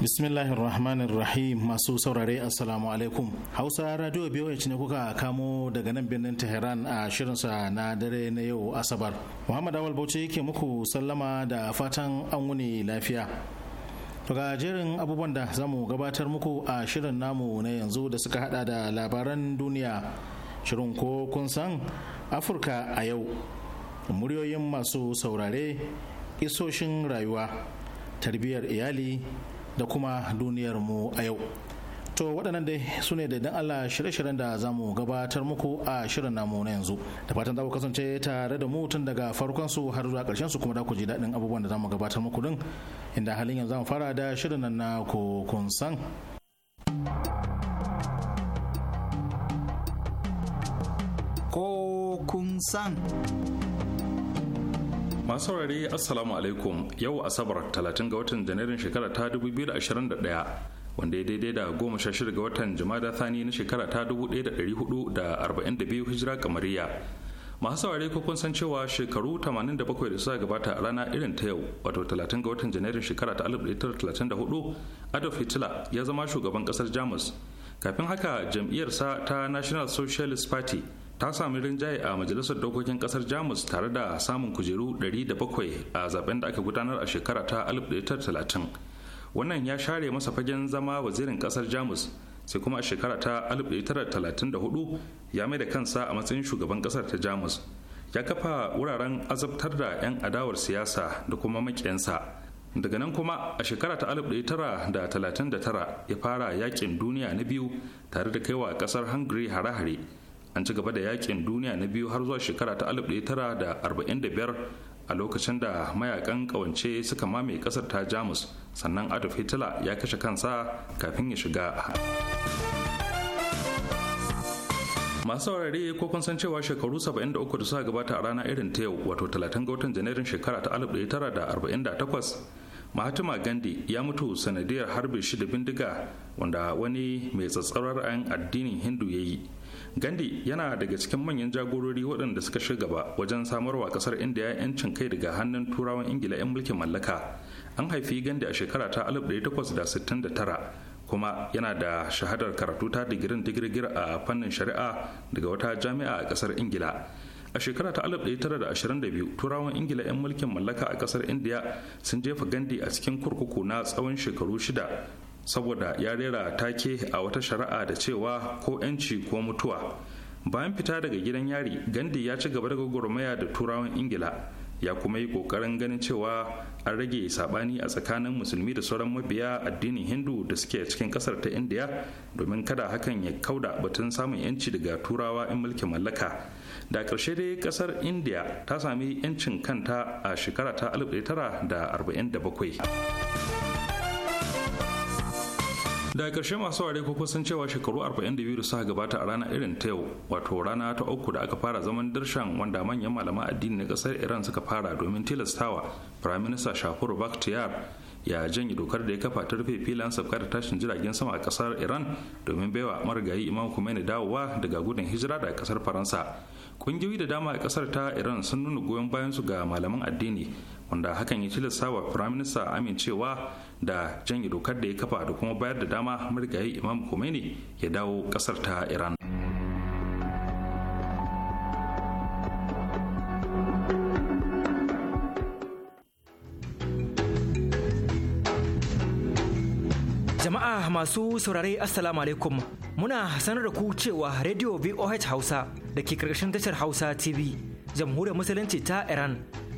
bismillahirrahmanirrahim rahmanirrahim, masu saurare assalamu alaikum hausa radio biyu ne kuka kamo daga nan birnin tehran a shirinsa na dare na yau asabar muhammad awal bauchi yake muku sallama da fatan an wuni lafiya ga jerin abubuwan da zamu gabatar muku a shirin namu na yanzu da suka hada da labaran duniya shirin ko kun san afirka a yau muryoyin masu saurare isoshin rayuwa tarbiyyar iyali da kuma duniyar mu a yau to waɗannan dai su ne da dan Allah shirye-shiryen da za mu gabatar muku a shirin namu na yanzu da fatan za ku kasance tare da mu tun daga farkon su har zuwa ƙarshen su kuma da ku ji daɗin abubuwan da za mu gabatar muku din inda halin yanzu mu fara da shirin nan na kun san ko kun san masu saurare assalamu alaikum yau asabar 30 ga watan janairun shekara ta 2021 wanda ya daidai da goma sha shida ga watan jama'a thani na shekara ta 1442 hijira kamariya masu saurare ko kun san cewa shekaru 87 da suka gabata a rana irin ta yau wato 30 ga watan janairun shekara ta 1934 adolf hitler ya zama shugaban kasar jamus kafin haka jam'iyyarsa ta national socialist party ta sami rinjaye a majalisar dokokin kasar jamus tare da samun kujeru 700 a zaben da aka gudanar a shekara ta 1930 wannan ya share masa fagen zama wazirin kasar jamus sai kuma a shekara ta 1934 ya mai da kansa a matsayin shugaban kasar ta jamus ya kafa wuraren azabtar da 'yan adawar siyasa da kuma makiyansa daga nan kuma a shekara ta 1939 ya fara yakin duniya na biyu tare da kaiwa kasar hungary hare-hare an ci gaba da yakin duniya na biyu har zuwa shekara ta 1945 a lokacin da mayakan kawance suka mame kasar ta jamus sannan adolf hitler ya kashe kansa kafin ya shiga masu saurari ko kun san cewa shekaru 73 da suka gabata a rana irin ta yau wato 30 ga watan janairun shekara ta 1948 mahatma gandhi ya mutu sanadiyar harbin shida bindiga wanda wani mai tsatsarar ayan addinin hindu ya yi gandhi yana daga cikin manyan jagorori waɗanda suka shiga gaba wajen samarwa ƙasar indiya 'yancin kai daga hannun turawan ingila 'yan mulkin mallaka an haifi gandhi a shekara ta 1869 kuma yana da shahadar karatu ta digirin digirgir a fannin shari'a daga wata jami'a a kasar ingila a shekara ta 1922 turawan ingila 'yan mulkin mallaka a ƙasar indiya sun jefa Gandhi a cikin kurkuku na tsawon shekaru shida saboda ya rera take a wata shari'a da cewa ko 'yanci ko mutuwa bayan fita daga gidan yari gandi ya ci gaba da gwagwarmaya da turawan ingila ya kuma yi kokarin ganin cewa an rage sabani a tsakanin musulmi da sauran mabiya addinin hindu da suke cikin kasar ta indiya domin kada hakan ya kauda batun samun yanci daga turawa in mulkin mallaka da ƙarshe dai kasar indiya ta sami yancin kanta a shekara ta 1947 da ƙarshe masu ware ko kusan cewa shekaru 42 da biyu suka gabata a rana irin ta yau wato rana ta uku da aka fara zaman darshan wanda manyan malaman addini na kasar iran suka fara domin tilastawa firaminista shafur bakhtiyar ya janye dokar da ya kafa ta rufe filan sabka da tashin jiragen sama a kasar iran domin baiwa marigayi imam khomeini dawowa daga gudun hijira da kasar faransa ƙungiyoyi da dama a kasar ta iran sun nuna goyon bayan su ga malaman addini wanda hakan ya tilasta wa firaminista amincewa da janye dokar da ya kafa da kuma bayar da dama marigayi imam khomeini ya dawo kasar ta iran jama'a masu saurare assalamu alaikum muna sanar da ku cewa radio voh hausa da ke karkashin tashar hausa tv jamhuriyar musulunci ta iran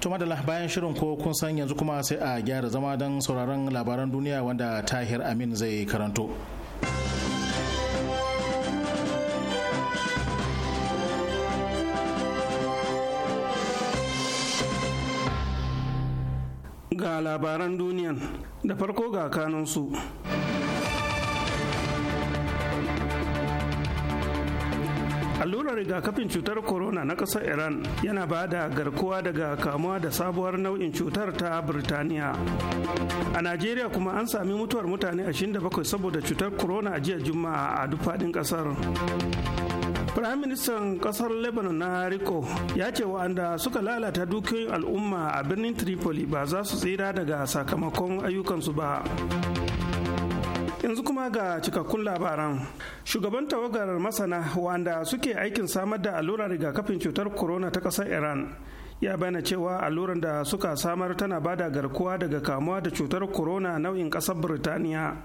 To madalla bayan shirin ko kun san yanzu kuma sai a gyara zama don sauraron labaran duniya wanda Tahir Amin zai karanto. Ga labaran duniyan da farko ga kanunsu. su. allurar rigakafin cutar corona na ƙasar iran yana ba da garkuwa daga kamuwa da sabuwar nau'in cutar ta birtaniya a najeriya kuma an sami mutuwar mutane 27 saboda cutar corona a jiya juma'a a duk faɗin ƙasar Firaministan ƙasar Lebanon na Riko ya ce wa'anda suka lalata dukiyoyin al'umma a birnin Tripoli ba za su tsira daga sakamakon ayyukansu ba. yanzu kuma ga cikakkun labaran shugaban tawagar masana wanda suke aikin samar da allurar rigakafin cutar corona ta kasar iran ya bayyana cewa alluran da suka samar tana bada garkuwa daga kamuwa da cutar corona nau'in kasar birtaniya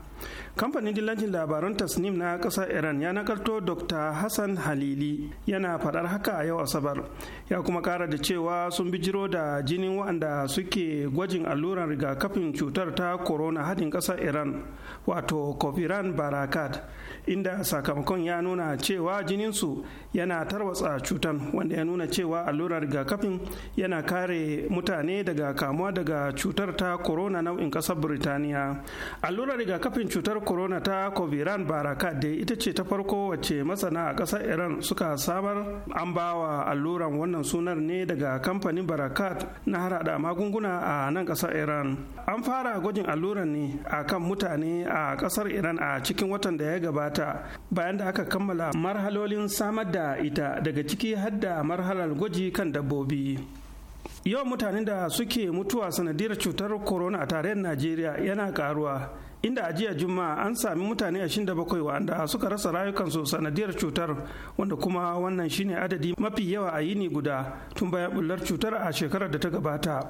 kamfanin dillancin labaran tasnim na ƙasar iran ya nakarto dr hassan halili yana faɗar haka a yau asabar ya kuma kara da cewa sun bijiro da jinin waɗanda suke gwajin alluran rigakafin cutar ta corona hadin ƙasar iran wato coviran barakat inda sakamakon ya nuna cewa jininsu yana tarwatsa cutan wanda ya nuna cewa allurar rigakafin yana kare mutane daga kamuwa daga cutar ta corona nau'in ƙasar birtaniya allurar rigakafin Nau'in cutar corona ta Coviran Baraka da ita ce ta farko wacce masana a ƙasar Iran suka samar an ba wa alluran wannan sunar ne daga kamfanin Barakat na harada magunguna a nan ƙasar Iran. An fara gwajin alluran ne a kan mutane a ƙasar Iran a cikin watan da ya gabata bayan da aka kammala marhalolin samar da ita daga ciki har da marhalar gwaji kan dabbobi. yawan mutanen da suke mutuwa sanadiyar cutar corona a tarayyar najeriya yana karuwa inda a jiya juma'a an sami mutane 27 wanda suka rasa rayukansu sanadiyar cutar wanda kuma wannan shine adadi mafi yawa a yini guda tun bayan bullar cutar a shekarar da ta gabata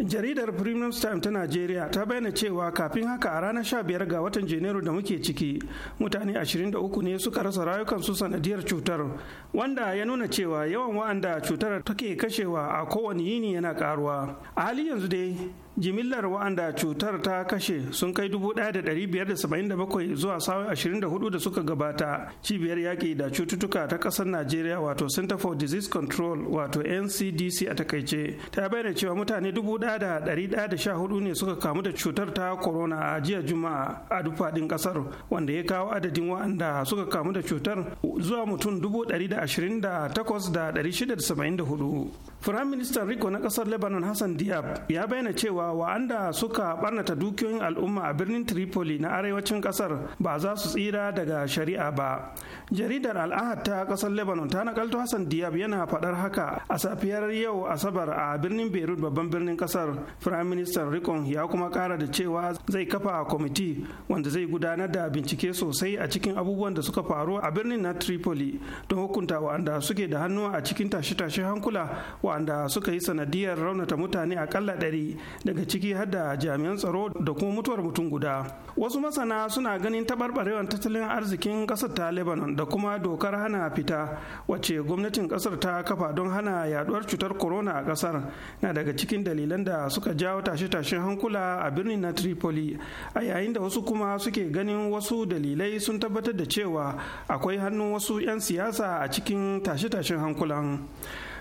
jaridar premium time ta najeriya ta bayyana cewa kafin haka a ranar 15 ga watan janairu da muke ciki mutane 23 ne suka rasa rayukansu sanadiyar cutar wanda ya nuna cewa yawan wa'anda cutar take kashewa a kowane yini yana karuwa a hali yanzu dai jimillar wa'anda cutar ta kashe sun kai 1,577 zuwa sawa 24 da suka gabata cibiyar yaƙi da cututtuka ta ƙasar najeriya wato center for disease control wato ncdc a takaice ta bayyana cewa mutane 1,114 ne suka kamu da cutar ta corona a jiya juma'a a duk ƙasar wanda ya kawo adadin wa'anda suka kamu da cutar zuwa mutum 128,674 Firayim Ministan Riko na ƙasar Lebanon Hassan Diab ya bayyana cewa cewa wa'anda suka barnata dukiyoyin al'umma a birnin Tripoli na arewacin kasar ba za su tsira daga shari'a ba jaridar al'ahad ta kasar lebanon ta nakalto hassan diab yana faɗar haka a safiyar yau asabar a birnin beirut babban birnin kasar prime minister rikon ya kuma kara da cewa zai kafa kwamiti wanda zai gudanar da bincike sosai a cikin abubuwan da suka faru a birnin na tripoli don hukunta wa'anda suke da hannu a cikin tashe-tashe hankula wa'anda suka yi sanadiyar raunata mutane akalla ɗari daga ciki har da jami'an tsaro da kuma mutuwar mutum guda wasu masana suna ganin taɓarɓarewar tattalin arzikin kasar ta lebanon da kuma dokar hana fita wacce gwamnatin kasar ta kafa don hana yaduwar cutar corona a kasar na daga cikin dalilan da suka jawo tashe-tashen hankula a birnin na tripoli a yayin da wasu kuma suke ganin wasu dalilai sun tabbatar da cewa akwai hannun wasu 'yan siyasa a cikin tashe-tashen hankulan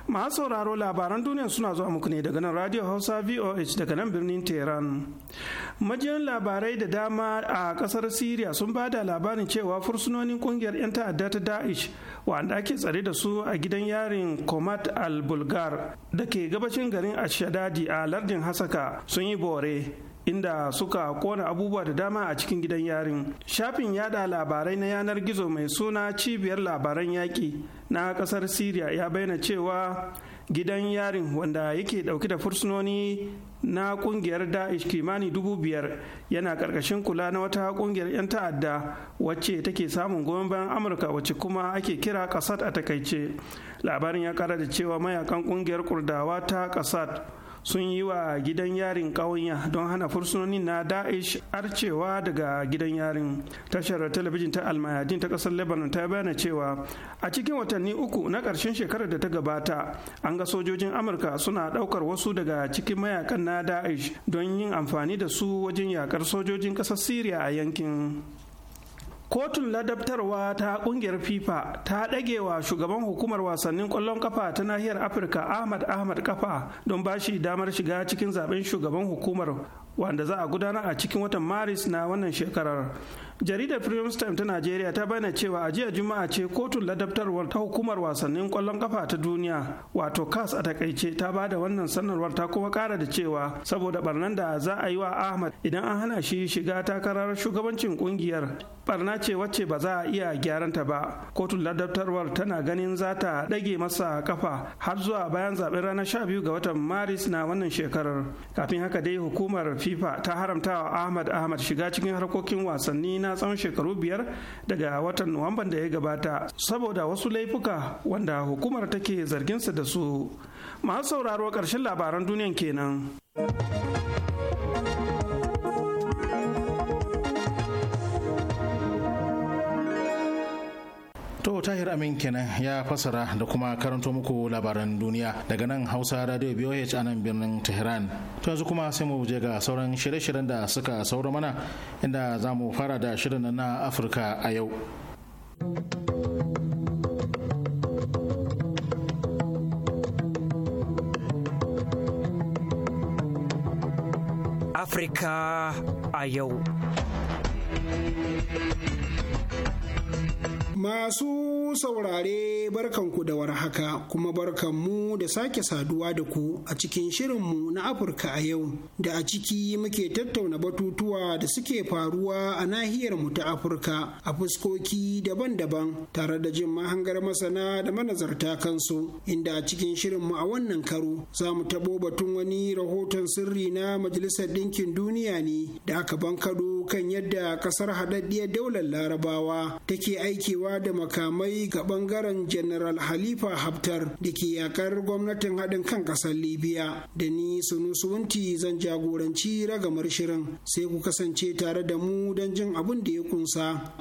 masu sauraro labaran duniya suna zuwa muku ne daga nan radio hausa voh daga nan birnin tehran majiyan labarai da dama a kasar siriya sun ba da labarin cewa fursunonin kungiyar 'yan ta'adda ta daesh wanda ake tsare da su a gidan yarin komat al bulgar da ke gabashin garin ashadadi a lardin hasaka sun yi bore inda suka kona abubuwa da dama a cikin gidan yarin shafin yada labarai na yanar gizo mai suna cibiyar labaran yaƙi na ƙasar syria ya bayyana cewa gidan yarin wanda yake ɗauki da fursunoni na ƙungiyar daesh kimani dubu biyar yana ƙarƙashin kula na wata ƙungiyar 'yan ta'adda wacce take samun goyon bayan amurka wacce kuma ake kira ƙasat a takaice labarin ya kara da cewa mayakan ƙungiyar kurdawa ta ƙasat sun yi wa gidan yarin ƙawanya don hana fursunonin na da'ish arcewa daga gidan yarin tashar talabijin ta almayadin ta ƙasar lebanon ta bayyana cewa a cikin watanni uku na ƙarshen shekarar da ta gabata an ga sojojin amurka suna ɗaukar wasu daga cikin mayakan na da'ish don yin amfani da su wajen yakar sojojin ƙasar syria a yankin kotun ladabtarwa ta kungiyar fifa ta ɗage wa shugaban hukumar wasannin ƙwallon kafa ta nahiyar afirka ahmad ahmad kafa don ba shi damar shiga cikin zaben shugaban hukumar wanda za a gudanar a cikin watan maris na wannan shekarar jaridar freedom time ta najeriya ta bayyana cewa a jiya juma'a ce kotun ladabtarwar ta hukumar wasannin kwallon kafa ta duniya wato cas a takaice ta ba da wannan sanarwar ta kuma kara da cewa saboda barnan da za a yi wa ahmad idan an hana shi shiga takarar shugabancin kungiyar barna ce wacce ba za a iya gyaran ta ba kotun ladabtarwar tana ganin za ta ɗage masa kafa har zuwa bayan zaɓen ranar 12 ga watan maris na wannan shekarar kafin haka dai hukumar fifa ta haramta wa ahmad ahmad shiga cikin harkokin wasanni na tsawon shekaru biyar daga watan nuwamban da ya gabata saboda wasu laifuka wanda hukumar take zarginsa da su masu sauraro ƙarshen labaran duniyan kenan. To Tahir Amin kenan ya fasara da kuma karanto muku labaran duniya daga nan Hausa Radio BOH a nan birnin Tehran. To yanzu kuma sai mu je ga sauran shirye-shiryen da suka sauro mana inda za mu fara da shirin na Afirka a yau. Afirka a yau. Masu saurare barkanku da warhaka kuma barkanmu da sake saduwa da ku a cikin shirinmu na Afirka a yau da a ciki muke tattauna batutuwa da suke faruwa a nahiyar mu ta Afirka a fuskoki daban-daban tare da jin mahangar masana da manazarta kansu inda a cikin shirinmu a wannan karo za mu tabo batun wani rahoton sirri na Majalisar Ɗinkin Duniya ne da aka bankado kan yadda ƙasar haɗaɗɗiyar daular Larabawa take aikewa aikewa da makamai ga bangaren General Halifa Haftar da ke yakar gwamnatin haɗin kan ƙasar Libya. Da ni Sunusuwanti zan jagoranci ragamar shirin sai ku kasance tare da mu don jin abin da ya kunsa.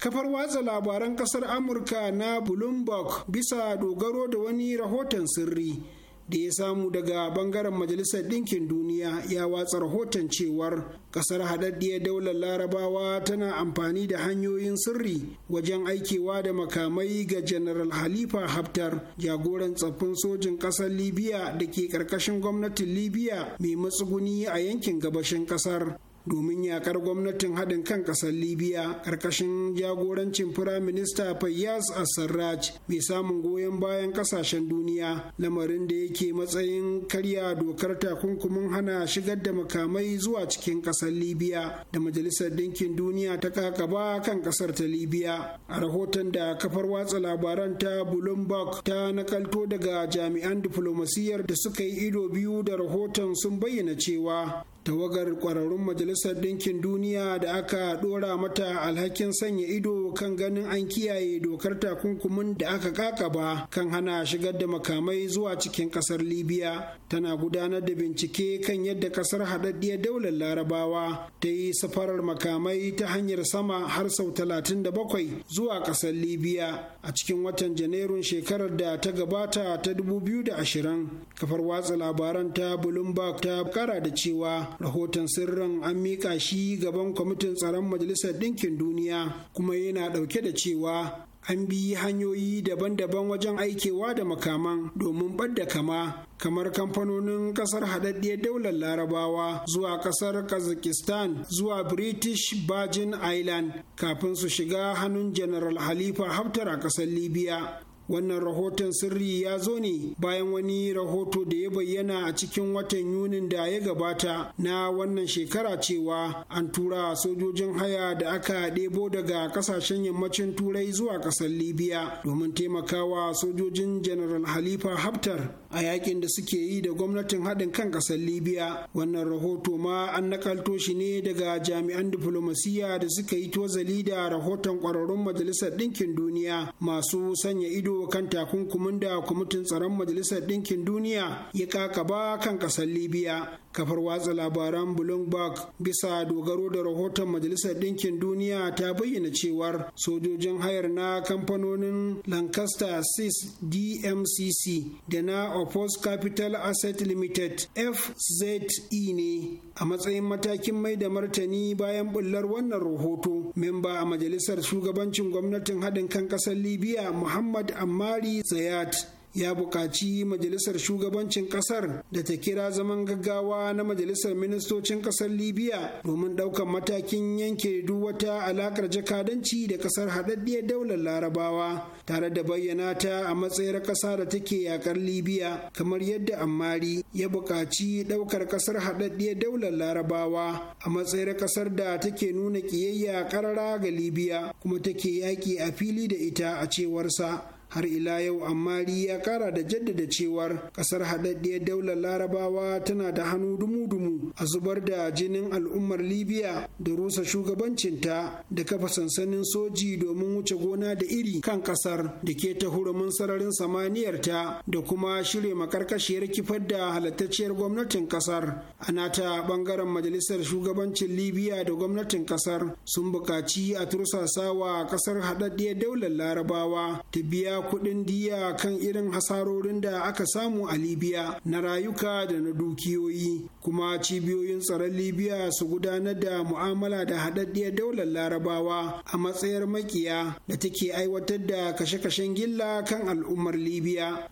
kafar watsa labaran kasar amurka na bloomberg bisa dogaro da wani rahoton sirri da ya samu daga bangaren majalisar ɗinkin duniya ya watsa rahoton cewar ƙasar haɗaɗɗiyar daular larabawa tana amfani da hanyoyin sirri wajen aikewa da makamai ga general halifa haftar jagoran tsaffin sojin ƙasar libya da ke ƙarƙashin gwamnatin libya mai matsuguni a yankin gabashin ƙasar domin yakar gwamnatin haɗin kan ƙasar libya ƙarƙashin jagorancin firaminista fayyaz sarraj mai samun goyon bayan ƙasashen duniya lamarin da yake matsayin karya dokar takunkumin hana shigar da makamai zuwa cikin ƙasar libya da majalisar ɗinkin duniya ta kakaba kan ƙasar ta libya a rahoton da kafar watsa labaran ta bloomberg ta nakalto daga jami'an diflomasiyyar da suka yi ido biyu da rahoton sun bayyana cewa tawagar kwararrun majalisar ɗinkin duniya da aka ɗora mata alhakin sanya ido kan ganin an kiyaye dokar takunkumin da aka kakaba kan hana shigar da makamai zuwa cikin ƙasar libya tana gudanar da bincike kan yadda ƙasar haɗaɗɗiyar daular larabawa ta yi safarar makamai ta hanyar sama har sau 37 zuwa ƙasar libya a cikin watan janairun shekarar da ta gabata ta 2020 kafar watsa labaran ta bloomberg ta kara da cewa rahoton sirrin an miƙa shi gaban kwamitin tsaron majalisar ɗinkin duniya kuma yana ɗauke da cewa an bi hanyoyi daban-daban wajen aikewa da makaman domin ɓadda kama kamar kamfanonin kasar haɗaɗɗiyar daular larabawa zuwa kasar kazakistan zuwa british virgin island kafin su shiga hannun general halifa haftar a kasar libya wannan rahoton sirri ya zo ne bayan wani rahoto da ya bayyana a cikin watan yunin da ya gabata na wannan shekara cewa an tura sojojin haya da aka ɗebo daga kasashen yammacin turai zuwa ƙasar libya domin taimakawa sojojin general halifa haftar a yakin da suke yi da gwamnatin haɗin kan ƙasar libya wannan rahoto ma an nakalto shi ne daga jami'an diflomasiyya da suka yi tozali da rahoton ƙwararrun majalisar ɗinkin duniya masu sanya ido wa kan takunkumin da kwamitin tsaron majalisar ɗinkin duniya ya kakaba kan ƙasar libiya. kafar watsa labaran bloomberg bisa dogaro da rahoton majalisar ɗinkin duniya ta bayyana cewar sojojin hayar na kamfanonin lancaster sis dmcc da na opus capital asset limited fze ne a matsayin matakin mai da martani bayan bullar wannan rahoto memba a majalisar shugabancin gwamnatin haɗin kan ƙasar libya muhammad ammari zayat ya buƙaci majalisar shugabancin ƙasar da ta kira zaman gaggawa na majalisar ministocin ƙasar libya domin ɗaukar matakin yanke duk wata alaƙar jakadanci da ƙasar haɗaɗɗiyar daular larabawa tare da bayyana ta a matsayar ƙasa da take yaƙar libya kamar yadda ammari ya buƙaci ɗaukar ƙasar haɗaɗɗiyar daular larabawa a matsayar ƙasar da take nuna ƙiyayya ƙarara ga libya kuma take yaƙi a fili da ita a cewarsa har ila yau amma ya kara da jaddada cewar kasar haɗaɗɗiyar daular larabawa tana da hannu dumu-dumu a zubar da jinin al'ummar libya da rusa shugabancinta da kafa sansanin soji domin wuce gona da iri kan kasar da ke ta hurumin sararin samaniyarta da kuma shirya makarkashiyar kifar da halattacciyar gwamnatin kasar a nata bangaren majalisar shugabancin libya da gwamnatin kasar sun buƙaci a tursasawa kasar haɗaɗɗiyar daular larabawa ta biya A kuɗin diya kan irin hasarorin da aka samu a Libya na rayuka da na dukiyoyi, kuma cibiyoyin tsaron Libya su gudanar da mu'amala da haɗaɗɗiyar daular Larabawa a matsayar makiya da take aiwatar da kashe-kashen gilla kan al'ummar Libya.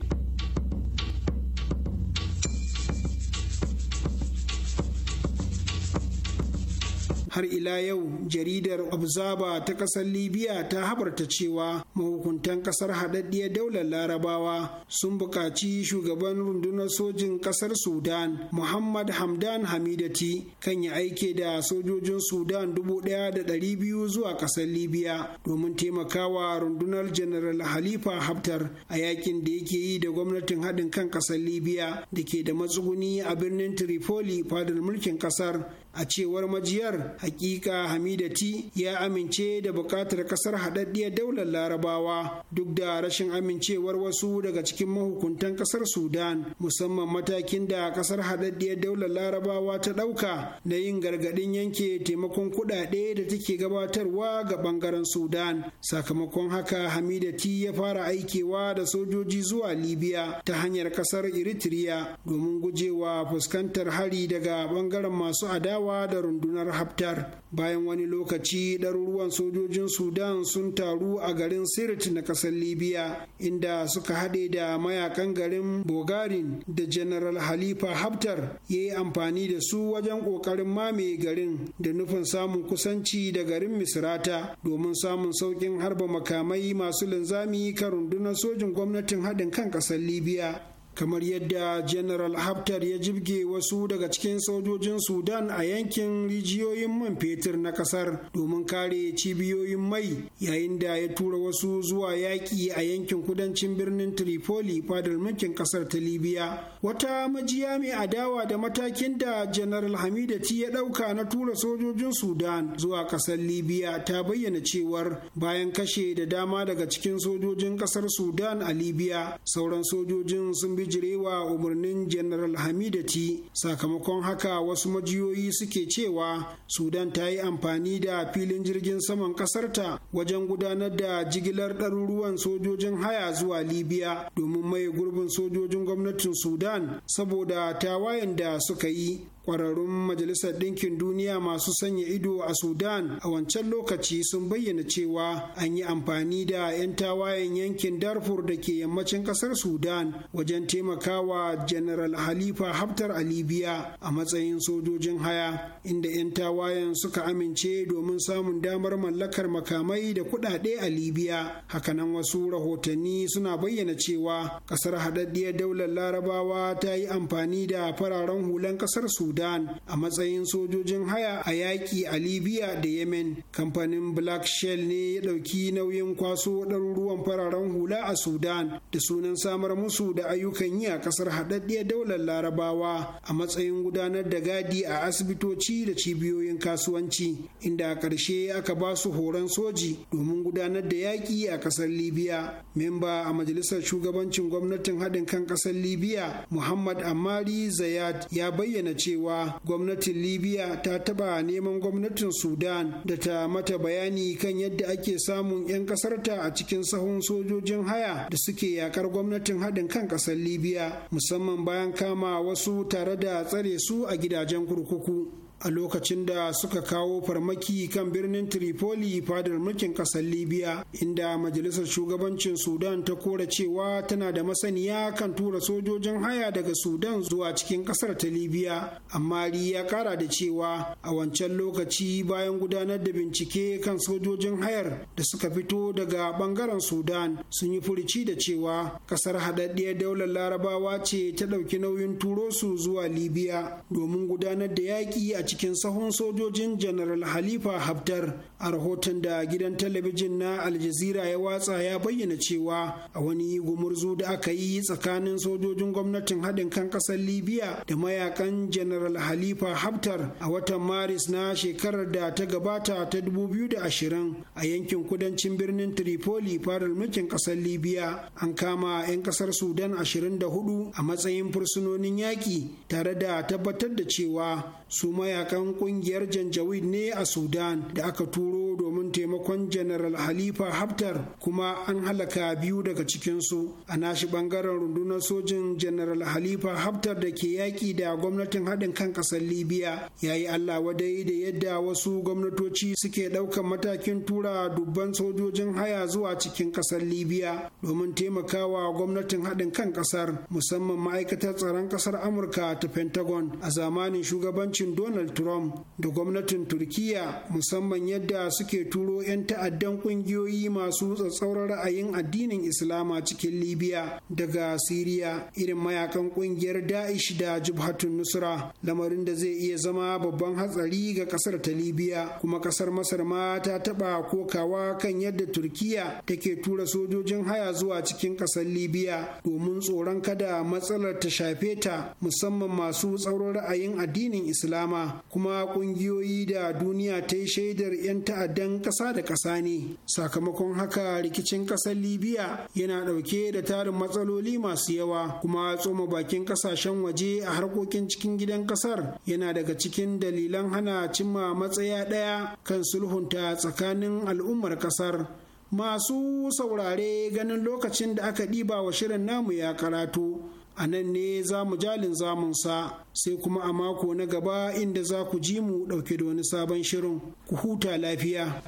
har ila yau jaridar observer ta kasar libya ta habarta cewa mahukuntan kasar haɗaɗɗiyar daular larabawa sun buƙaci shugaban rundunar sojin kasar sudan muhammad hamdan hamidati kan ya aike da sojojin sudan dubu ɗaya da ɗari biyu zuwa kasar libya domin taimakawa rundunar general halifa haftar a yakin da yake yi da gwamnatin haɗin kan kasar libya da ke da matsuguni a birnin tripoli fadar mulkin kasar a cewar majiyar hakika hamidati ya amince da buƙatar kasar haɗaɗɗiyar daular larabawa larabawa duk da rashin amincewar wasu daga cikin mahukuntan kasar sudan musamman matakin da kasar haɗaɗɗiyar daular larabawa ta ɗauka na yin gargaɗin yanke taimakon kuɗaɗe da take gabatarwa ga ɓangaren sudan sakamakon haka t ya fara aikewa da sojoji zuwa libya ta hanyar kasar eritrea domin gujewa fuskantar hari daga ɓangaren masu adawa da rundunar haftar bayan wani lokaci ɗaruruwan sojojin sudan sun taru a garin sirt na ƙasar libya inda suka haɗe da mayakan garin bogarin da general halifa haftar ya yi amfani da su wajen ƙoƙarin mamaye garin da nufin samun kusanci da garin misrata domin samun sauƙin harba makamai masu linzami kan rundunar sojin gwamnatin haɗin kan ƙasar libya kamar yadda general haftar ya jibge wasu daga cikin sojojin sudan a yankin rijiyoyin man fetur na kasar domin kare cibiyoyin mai yayin da ya tura wasu zuwa yaƙi a yankin kudancin birnin tripoli fadar mulkin kasar ta libya wata majiya mai adawa da matakin da general hamidati ya ɗauka na tura sojojin sudan zuwa kasar libya ta bayyana cewar bayan kashe da dama daga cikin sojojin kasar sudan a libya sauran sojojin sun bi jirewa umarnin general hamidati sakamakon haka wasu majiyoyi suke cewa sudan ta yi amfani da filin jirgin saman kasarta wajen gudanar da jigilar ɗaruruwan sojojin haya zuwa libya domin mai gurbin sojojin gwamnatin sudan saboda tawayen da suka yi kwararrun majalisar ɗinkin duniya masu sanya ido a sudan a wancan lokaci sun bayyana cewa an yi amfani da 'yan tawayen yankin darfur da ke yammacin ƙasar sudan wajen taimakawa general halifa haftar a libya a matsayin sojojin haya inda 'yan tawayen suka amince domin samun damar mallakar makamai da kuɗaɗe a libya hakanan wasu rahotanni suna bayyana cewa ƙasar haɗaɗɗiyar daular larabawa ta yi amfani da fararen hulan ƙasar sudan sudan a matsayin sojojin haya a yaƙi a libya da yemen kamfanin black shell ne ya ɗauki nauyin kwaso ɗaruruwan fararen hula a sudan da sunan samar musu da ayyukan yi a ƙasar haɗaɗɗiyar daular larabawa a matsayin gudanar da gadi a asibitoci da cibiyoyin kasuwanci inda a ƙarshe aka ba su horon soji domin gudanar da yaƙi a ƙasar libya memba a majalisar shugabancin gwamnatin haɗin kan ƙasar libya muhammad amari zayat ya bayyana cewa cewa gwamnatin libya ta taba neman gwamnatin sudan da ta mata bayani kan yadda ake samun 'yan kasarta a cikin sahun sojojin haya da suke yakar gwamnatin haɗin kan ƙasar libya musamman bayan kama wasu tare da tsare su a gidajen kurkuku a lokacin da suka kawo farmaki kan birnin Tripoli fadar mulkin ƙasar Libya inda majalisar shugabancin Sudan ta kora cewa tana da masaniya kan tura sojojin haya daga Sudan zuwa cikin ƙasar ta Libya amma ya ƙara da cewa a wancan lokaci bayan gudanar da bincike kan sojojin hayar da suka fito daga ɓangaren Sudan sun yi furici da cewa ƙasar haɗaɗɗiyar daular Larabawa ce ta ɗauki nauyin turo zuwa Libya domin gudanar da yaƙi a cikin cikin sahun sojojin General Halifa Haftar a rahoton da gidan talabijin na Al ya watsa ya bayyana cewa a wani gumurzu da aka yi tsakanin sojojin gwamnatin haɗin kan ƙasar Libya da mayakan General Halifa Haftar a watan Maris na shekarar da ta gabata ta 2020 a yankin kudancin birnin Tripoli farar mulkin ƙasar Libya an kama 'yan ƙasar Sudan 24 a matsayin fursunonin yaƙi tare da tabbatar da cewa su mayakan kungiyar janjawid ne a sudan da aka turo domin taimakon janaral halifa haftar kuma an halaka biyu daga cikinsu a nashi bangaren rundunar sojin janaral halifa haftar da ke yaƙi da gwamnatin haɗin kan ƙasar libya ya yi allah wadai da yadda wasu gwamnatoci suke ɗaukar matakin tura dubban sojojin haya zuwa cikin ƙasar libya domin taimakawa gwamnatin haɗin kan ƙasar musamman ma'aikatar tsaron ƙasar amurka ta pentagon a zamanin shugabanci gwamnatocin Donald Trump da gwamnatin Turkiyya musamman yadda suke turo 'yan ta'addan ƙungiyoyi masu tsatsauran ra'ayin addinin Islama cikin Libya daga Siriya irin mayakan ƙungiyar Da'ish da Jibhatun Nusra lamarin da zai iya zama babban hatsari ga ƙasar ta Libya kuma ƙasar Masar ma ta taɓa kokawa kan yadda Turkiyya take tura sojojin haya zuwa cikin ƙasar Libya domin tsoron kada matsalar ta shafe ta musamman masu tsauran ra'ayin addinin Islama islama kuma kungiyoyi da duniya ta yi shaidar 'yan ta'addan ƙasa da ƙasa ne sakamakon haka rikicin ƙasar libya yana ɗauke da tarin matsaloli masu yawa kuma tsoma bakin ƙasashen waje a harkokin cikin gidan ƙasar yana daga cikin dalilan hana cimma matsaya ɗaya kan sulhunta tsakanin al'ummar ƙasar masu saurare ganin lokacin da aka ɗiba wa shirin namu ya karatu a nan ne za mu jalin zamunsa sai kuma a mako na gaba inda za ku ji mu dauke da wani sabon shirin ku huta lafiya.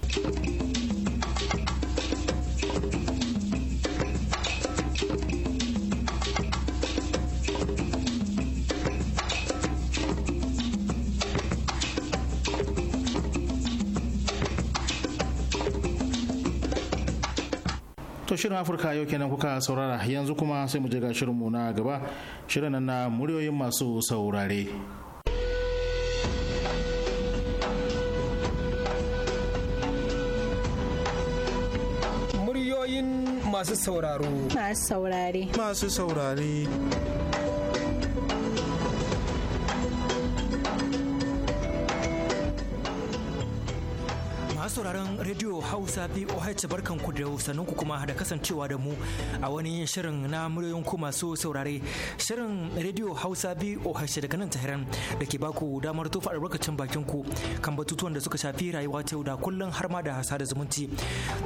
shirin Afirka yau kenan kuka saurara yanzu kuma sai mu je ga shirinmu na gaba shirin nan na muryoyin masu saurare. Muryoyin masu sauraro. Masu saurare. Masu saurare. sauraron Radio Hausa VOH barkanku da sannan ku kuma da kasancewa da mu a wani shirin na muryoyin ku masu saurare. Shirin Radio Hausa VOH daga nan Tahiran da ke baku damar tofa albarkacin bakin ku kan batutuwan da suka shafi rayuwa ta yau da kullun har ma da sada zumunci.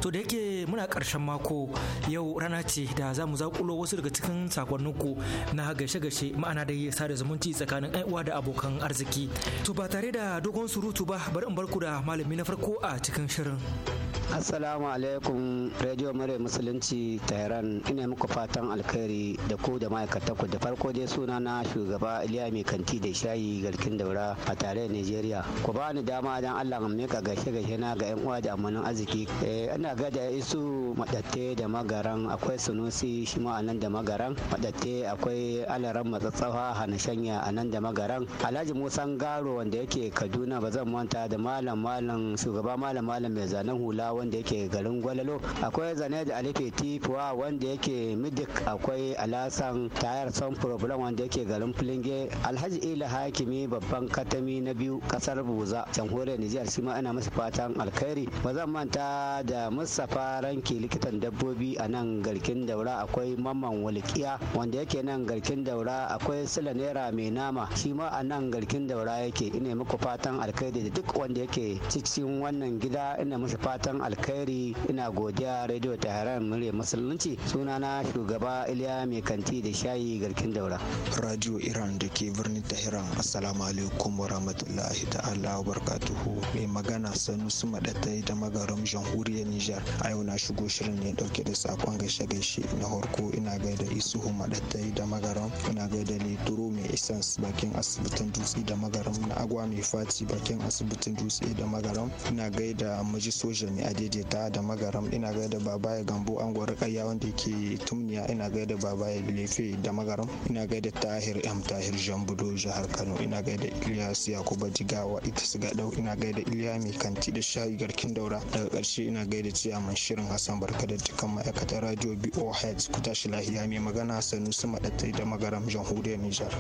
To da yake muna karshen mako yau rana ce da za mu zakulo wasu daga cikin sakonnin ku na gashe-gashe ma'ana da sada zumunci tsakanin uwa da abokan arziki. To ba tare da dogon surutu ba bari in barku da malami na farko a cikin 纷争。Assalamu alaikum Radio Mare Musulunci Tehran ina muku fatan alkhairi da ku da ma'aikatan ku da farko dai suna na shugaba Iliya Mai Kanti da Shayi Garkin Daura a tarayyar Nigeria. Ku ba ni dama dan Allah in mika gashe gashe na ga yan uwa da amanan arziki. Eh, ina ga da isu madatte da magaran akwai sunusi shi ma anan da magaran madatte akwai alaran matsatsawa hana shanya anan da magaran Alhaji Musa Garo wanda yake Kaduna ba zan manta da malam malam shugaba malam malam mai zanen hula wanda yake garin gwalalo akwai zane da alife tifuwa wanda yake midik akwai alasan tayar son problem wanda yake garin filinge alhaji ila hakimi babban katami na biyu kasar buza jamhuriyar nijar shi ma ana masa fatan alkhairi ba zan manta da mustapha ranki likitan dabbobi a nan garkin daura akwai mamman walikiya wanda yake nan garkin daura akwai sila naira mai nama shi ma a nan garkin daura yake ina muku fatan alkhairi da duk wanda yake cikin wannan gida ina musu fatan alkhairi ina godiya radio taharar murya musulunci sunana shugaba iliya mai kanti da shayi garkin daura radio iran da ke birnin tahiran assalamu alaikum wa rahmatullahi ta'ala wa barakatuhu mai magana su madatai da magaram jamhuriyar nijar a yau na shigo shirin ne dauke da sakon gaishe gaishe na farko ina gaida isuhu madatai da magaram ina gaida leturo mai isans bakin asibitin dutse da magaram na agwa mai faci bakin asibitin dutse da magaram ina gaida maji soja mai adaidaita da magaram ina gaida babaya gambo an gwar kayya wanda yake tumniya ina gaida babaya lefe da magaram ina gaida tahir m tahir jambudo jihar kano ina gaida ilyas yakuba jigawa ita su dau ina gaida iliya mai kanti da shayi garkin daura daga karshe ina gaida ciyaman shirin hassan barka da dukkan ma'aikatar radio bo heads ku tashi lahiya mai magana sanusi madatai da magaram jamhuriyar nijar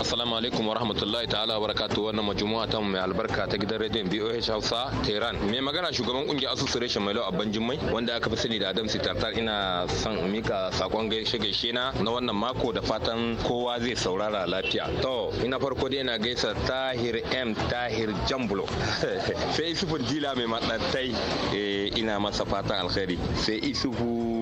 assalamu alaikum warahmatullahi ta'ala barakatu wannan majumu'a ta mai albarka ta gidan rediyon boh hausa tehran mai magana shugaban kungiyar asusun reshen mai lau abban wanda aka fi sani da adam sitartar ina son mika sakon gaishe gaishe na na wannan mako da fatan kowa zai saurara lafiya to ina farko dai ina gaisa tahir m tahir jambulo sai isufu dila mai matsatai eh, ina masa fatan alkhairi sai isufu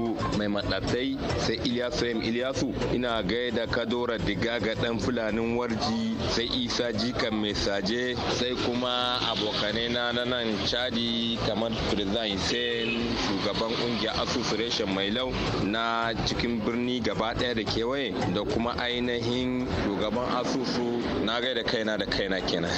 mai maɗabtai, sai Iliyasu M Iliyasu ina gaida Kadora Diga ga ɗan Fulanin Warji sai Isa Jikan mai saje sai kuma abokanai na nan Chadi kamar Firzan Hussein shugaban ƙungiyar Asusu Reshen lau na cikin birni gaba ɗaya da kewaye da kuma ainihin shugaban Asusu na gaida kaina da kaina kenan.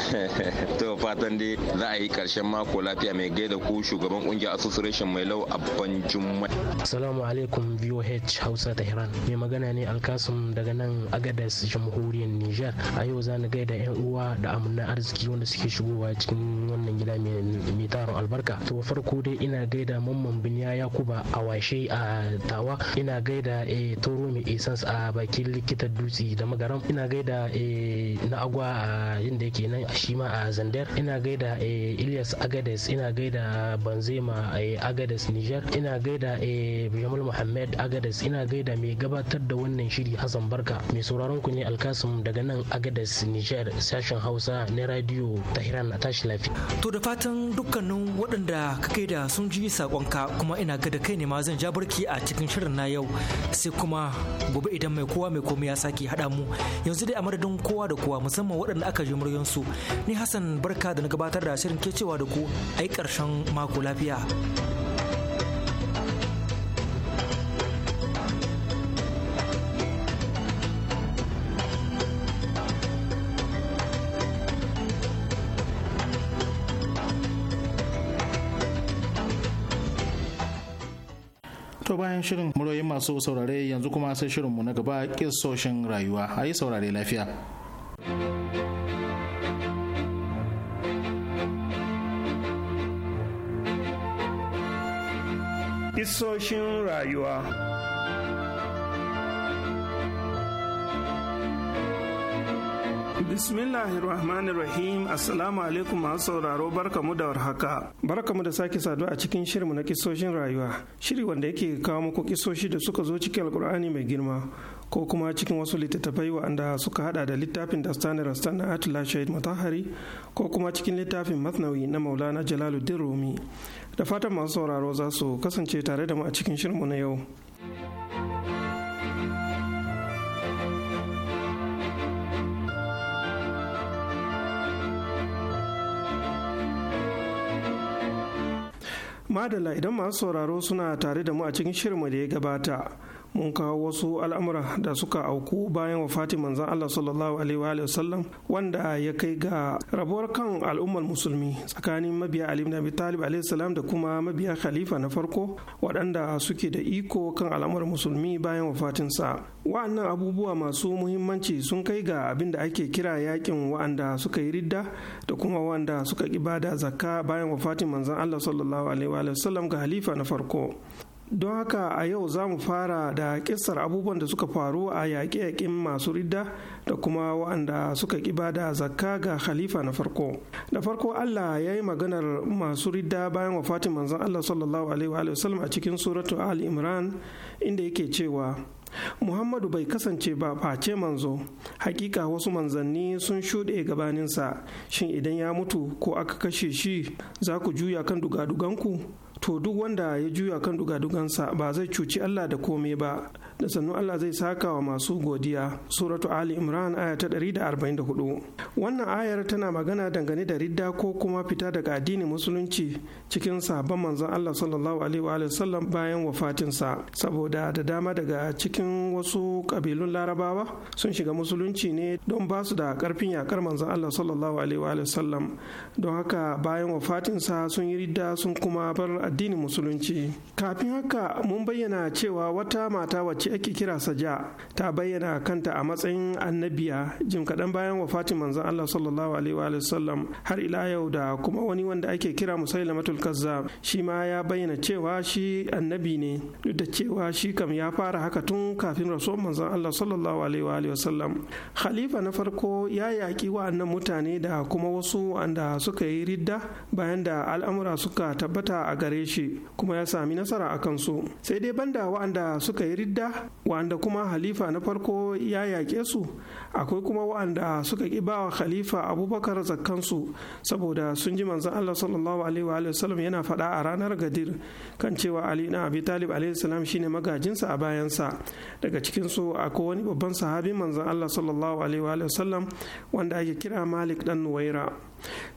to fatan dai za a yi ƙarshen mako lafiya mai gaida ku shugaban ƙungiyar Asusu mai lau a Banjumma. Assalamu alaikum VOH Hausa Tehran. Mai magana ne Alkasim daga nan Agadez Jamhuriyar Nijar. A yau za ni gaida 'yan uwa da amunan arziki wanda suke shigowa cikin wannan gida mai taron albarka. To farko dai ina gaida mamman Biniya Yakuba a washe a Tawa. Ina gaida eh, Toro mai Esans a bakin likitan dutse da magaram. Ina gaida eh, na agwa a inda yake nan shi ma a Zander. Ina gaida eh, Ilyas Agades. Ina gaida Banzema Agades Nijar. Ina gaida Jamal muhammed agadas ina gaida mai gabatar da wannan shiri hassan barka mai sauraron ku ne alkasim daga nan agadas niger sashen hausa na radio tahiran a tashi lafiya to da fatan dukkanin waɗanda ka kai da sun ji sakonka kuma ina ga kai ne ma zan ja barki a cikin shirin na yau sai kuma gobe idan mai kowa mai komai ya sake haɗa mu yanzu dai a madadin kowa da kowa musamman waɗanda aka ji muryansu ni hassan barka da na gabatar da shirin ke cewa da ku ai ƙarshen mako lafiya to bayan shirin muryoyin masu saurare yanzu kuma sai mu na gaba kisoshin rayuwa Ayi saurare lafiya Isoshin rayuwa Bismillahirrahmanirrahim Assalamu alaikum masu sauraro barkamu da warhaka. mu da sake saduwa a cikin shirinmu na kisoshin rayuwa. Shiri wanda yake kawo muku kisoshi da suka zo cikin Alkur'ani mai girma ko kuma cikin wasu littattafai wanda suka hada da littafin da Stanley Rastan na Atula Shahid Matahari ko kuma cikin littafin Masnawi na Maulana Jalaluddin Rumi. Da fatan masu sauraro za su kasance tare da mu a cikin shirinmu na yau. madala idan masu sauraro suna tare da mu a cikin shirinmu da ya gabata mun kawo wasu al'amura da suka auku bayan wafatin manzan Allah sallallahu alaihi wa sallam wanda ya kai ga rabuwar kan al'ummar musulmi tsakanin mabiya Ali ibn Abi Talib alaihi salam da kuma mabiya khalifa na farko waɗanda suke da iko kan al'amuran musulmi bayan wafatin sa wa'annan abubuwa masu muhimmanci sun kai ga abin da ake kira yakin wa'anda suka yi ridda da kuma wa'anda suka ibada zakka bayan wafatin manzan Allah sallallahu alaihi wa sallam ga halifa na farko don haka a yau za mu fara da kisar abubuwan da suka faru a yaƙe-yaƙin masu ridda da kuma waɗanda suka ƙiba da zakka ga khalifa na farko da farko allah ya yi maganar masu ridda bayan wafatin manzon allah sallallahu alaihi wa a cikin suratu al imran inda yake cewa muhammadu bai kasance ba face manzo hakika wasu manzanni sun shuɗe gabaninsa shin idan ya mutu ko aka kashe shi za ku juya kan ku to duk wanda ya juya kan dugadugansa ba zai cuci Allah da komai ba da sannu Allah zai saka wa masu godiya suratu Ali Imran aya ta da 144 wannan ayar tana magana dangane da ridda ko kuma fita daga addinin musulunci cikin sabon manzon Allah sallallahu alaihi wa sallam bayan wafatinsa saboda da dama daga cikin wasu kabilun larabawa sun shiga musulunci ne don ba su da karfin yakar manzon Allah sallallahu alaihi wa sallam don haka bayan wafatinsa sun yi ridda sun kuma bar addinin musulunci kafin haka mun bayyana cewa wata mata wacce wacce ake kira saja ta bayyana kanta a matsayin annabiya jim kaɗan bayan wafatin manzon Allah sallallahu alaihi wa sallam har ila yau da kuma wani wanda ake kira musailamatul kazzab shi ma ya bayyana cewa shi annabi ne duk da cewa shi kam ya fara haka tun kafin rasuwar manzon Allah sallallahu alaihi wa sallam khalifa na farko ya yaƙi wa'annan mutane da kuma wasu wanda suka yi ridda bayan da al'amura suka tabbata a gare shi kuma ya sami nasara a kansu sai dai banda wa'anda suka yi ridda wanda kuma halifa na farko ya yaƙe su akwai kuma wa'anda suka ƙi bawa khalifa abubakar zakkansu saboda sun ji manzon allah sallallahu alaihi wa sallam yana faɗa a ranar gadir kan cewa ali na abi talib alaihi salam shine magajinsa a bayansa daga cikin su akwai wani babban sahabi manzon allah sallallahu alaihi wa sallam wanda ake kira malik dan nuwaira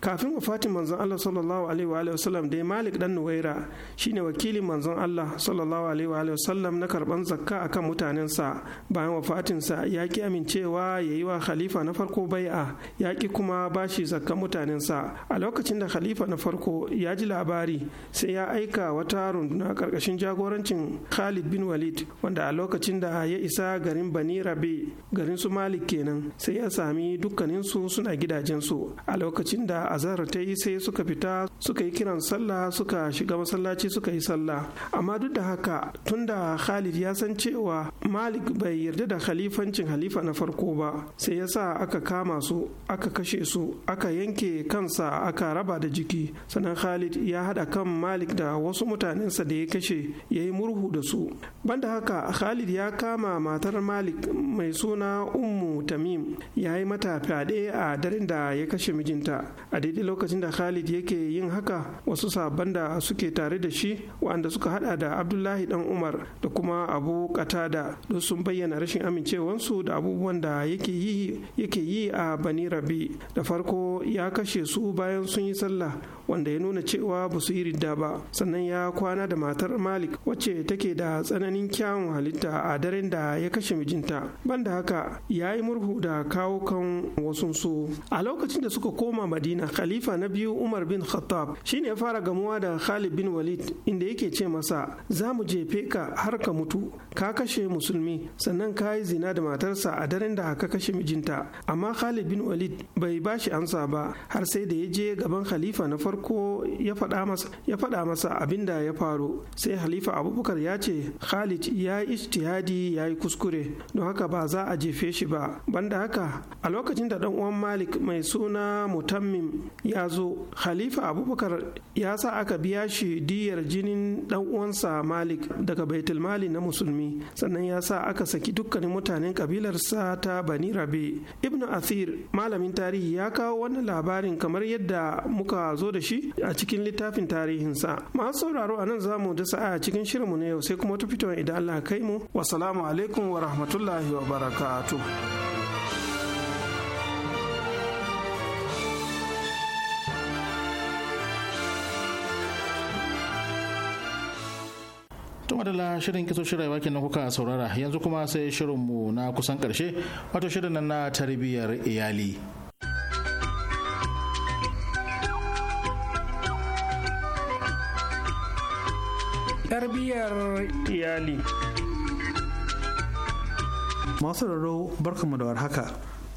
kafin wafatin manzon Allah sallallahu alaihi wa sallam dai Malik dan Nuwaira shine wakilin manzon Allah sallallahu alaihi wa sallam na karban zakka akan mutanensa bayan wafatin sa ya ki amincewa yayi wa khalifa na farko bai'a ya ki kuma bashi zakkan mutanensa a lokacin da khalifa na farko ya ji labari sai ya aika wata runduna karkashin jagorancin Khalid bin Walid wanda a lokacin da ya isa garin Bani Rabi garin su Malik kenan sai ya sami dukkaninsu suna gidajensu a lokacin lokacin da azahar ta yi sai suka fita suka yi kiran sallah suka shiga masallaci suka yi sallah amma duk da haka tun da khalid ya san cewa malik bai yarda da khalifancin halifa na farko ba sai ya sa aka kama su aka kashe su aka yanke kansa aka raba da jiki sannan khalid ya hada kan malik da wasu mutanensa da ya kashe ya yi murhu da su banda haka khalid ya kama matar malik mai suna ummu tamim ya yi mata fyaɗe a daren da ya kashe mijinta a daidai lokacin da khalid yake yin haka wasu sabon da suke tare da shi waɗanda suka hada da abdullahi dan umar da kuma abu katada duk sun bayyana rashin amincewansu da abubuwan da yake yi yi a bani rabi da farko ya kashe su bayan sun yi sallah wanda ya nuna cewa ba su yi ridda ba sannan ya kwana da matar malik wacce take da tsananin kyawun halitta a daren da ya kashe mijinta banda haka ya yi murhu da kawo kan wasu su a lokacin da suka koma madina khalifa na biyu umar bin khattab shine ya fara gamuwa da khalid bin walid inda yake ce masa za mu jefe ka har ka mutu ka kashe musulmi sannan ka yi zina da matarsa a daren da ka kashe mijinta amma khalid bin walid bai bashi amsa ba har sai da ya je gaban khalifa na farko farko ya faɗa masa abin da ya faru sai halifa abubakar ya ce khalid ya yi ijtihadi ya yi kuskure don haka ba za a jefe shi ba banda haka a lokacin da dan uwan malik mai suna mutammim ya zo halifa abubakar ya sa aka biya shi diyar jinin dan uwansa malik daga baitul mali na musulmi sannan ya sa aka saki dukkanin mutanen kabilar sa ta bani rabe ibnu asir malamin tarihi ya kawo wannan labarin kamar yadda muka zo da shi a cikin littafin tarihinsa masu sauraro a nan zamu da sa'a cikin shirinmu na yau sai kuma wata fitowa idan Allah kai mu wasalamu alaikum wa rahmatullahi wa barakatuh madala shirin kiso shirin wakin na kuka saurara yanzu kuma sai shirinmu na kusan karshe wato shirin nan na tarbiyyar iyali tarbiyyar iyali masu raro barkamu da warhaka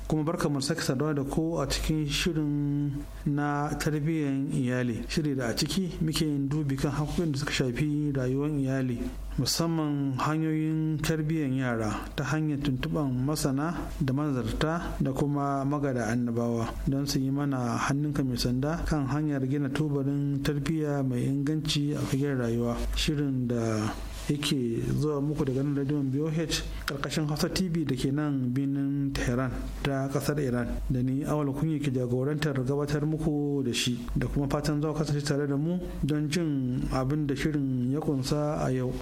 kuma barkamu sake saduwa da ko a cikin shirin na tarbiyyar iyali shiri da a ciki muke yin dubi kan hakokin da suka shafi rayuwar iyali musamman hanyoyin tarbiyyar yara ta hanyar tuntuɓar masana da manzarta da kuma magada annabawa don su yi mana hannunka mai sanda kan hanyar gina tubalin tarbiyya mai inganci a fagen rayuwa shirin da yake zuwa muku daga nan radiyon BOH karkashin Hausa TV da ke nan binin Tehran ta kasar Iran da ni awal kunye ke jagorantar gabatar muku da shi da kuma fatan zuwa kasance tare da mu don jin abin da shirin ya kunsa a yau.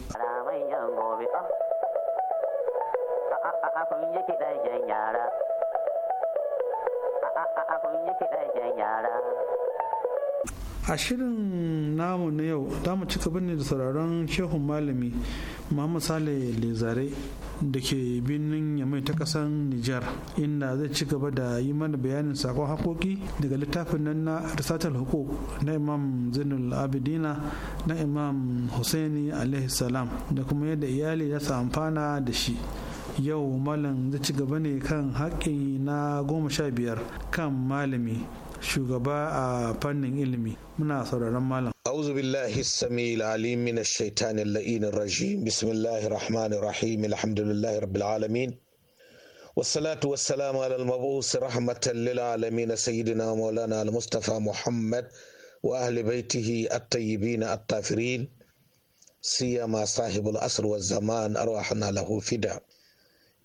yara a shirin namu na yau za mu ci gaba ne da sauraron shehun malami muhammad sale lezare da ke birnin yamai ta kasan nijar inda zai ci gaba da yi mana bayanin sakon hakoki daga littafin nan na risatar hukuk na imam zainul abidina na imam husaini alaihi salam da kuma yadda iyali ya amfana da shi yau malam zai ci gaba ne kan haƙƙi na goma sha biyar kan malami shugaba a fannin ilimi muna sauraron malam أعوذ بالله السميع العليم من الشيطان اللئين الرجيم بسم الله الرحمن الرحيم الحمد لله رب العالمين والصلاة والسلام على المبعوث رحمة للعالمين سيدنا مولانا المصطفى محمد وأهل بيته الطيبين الطافرين سيما صاحب الأسر والزمان أرواحنا له فداء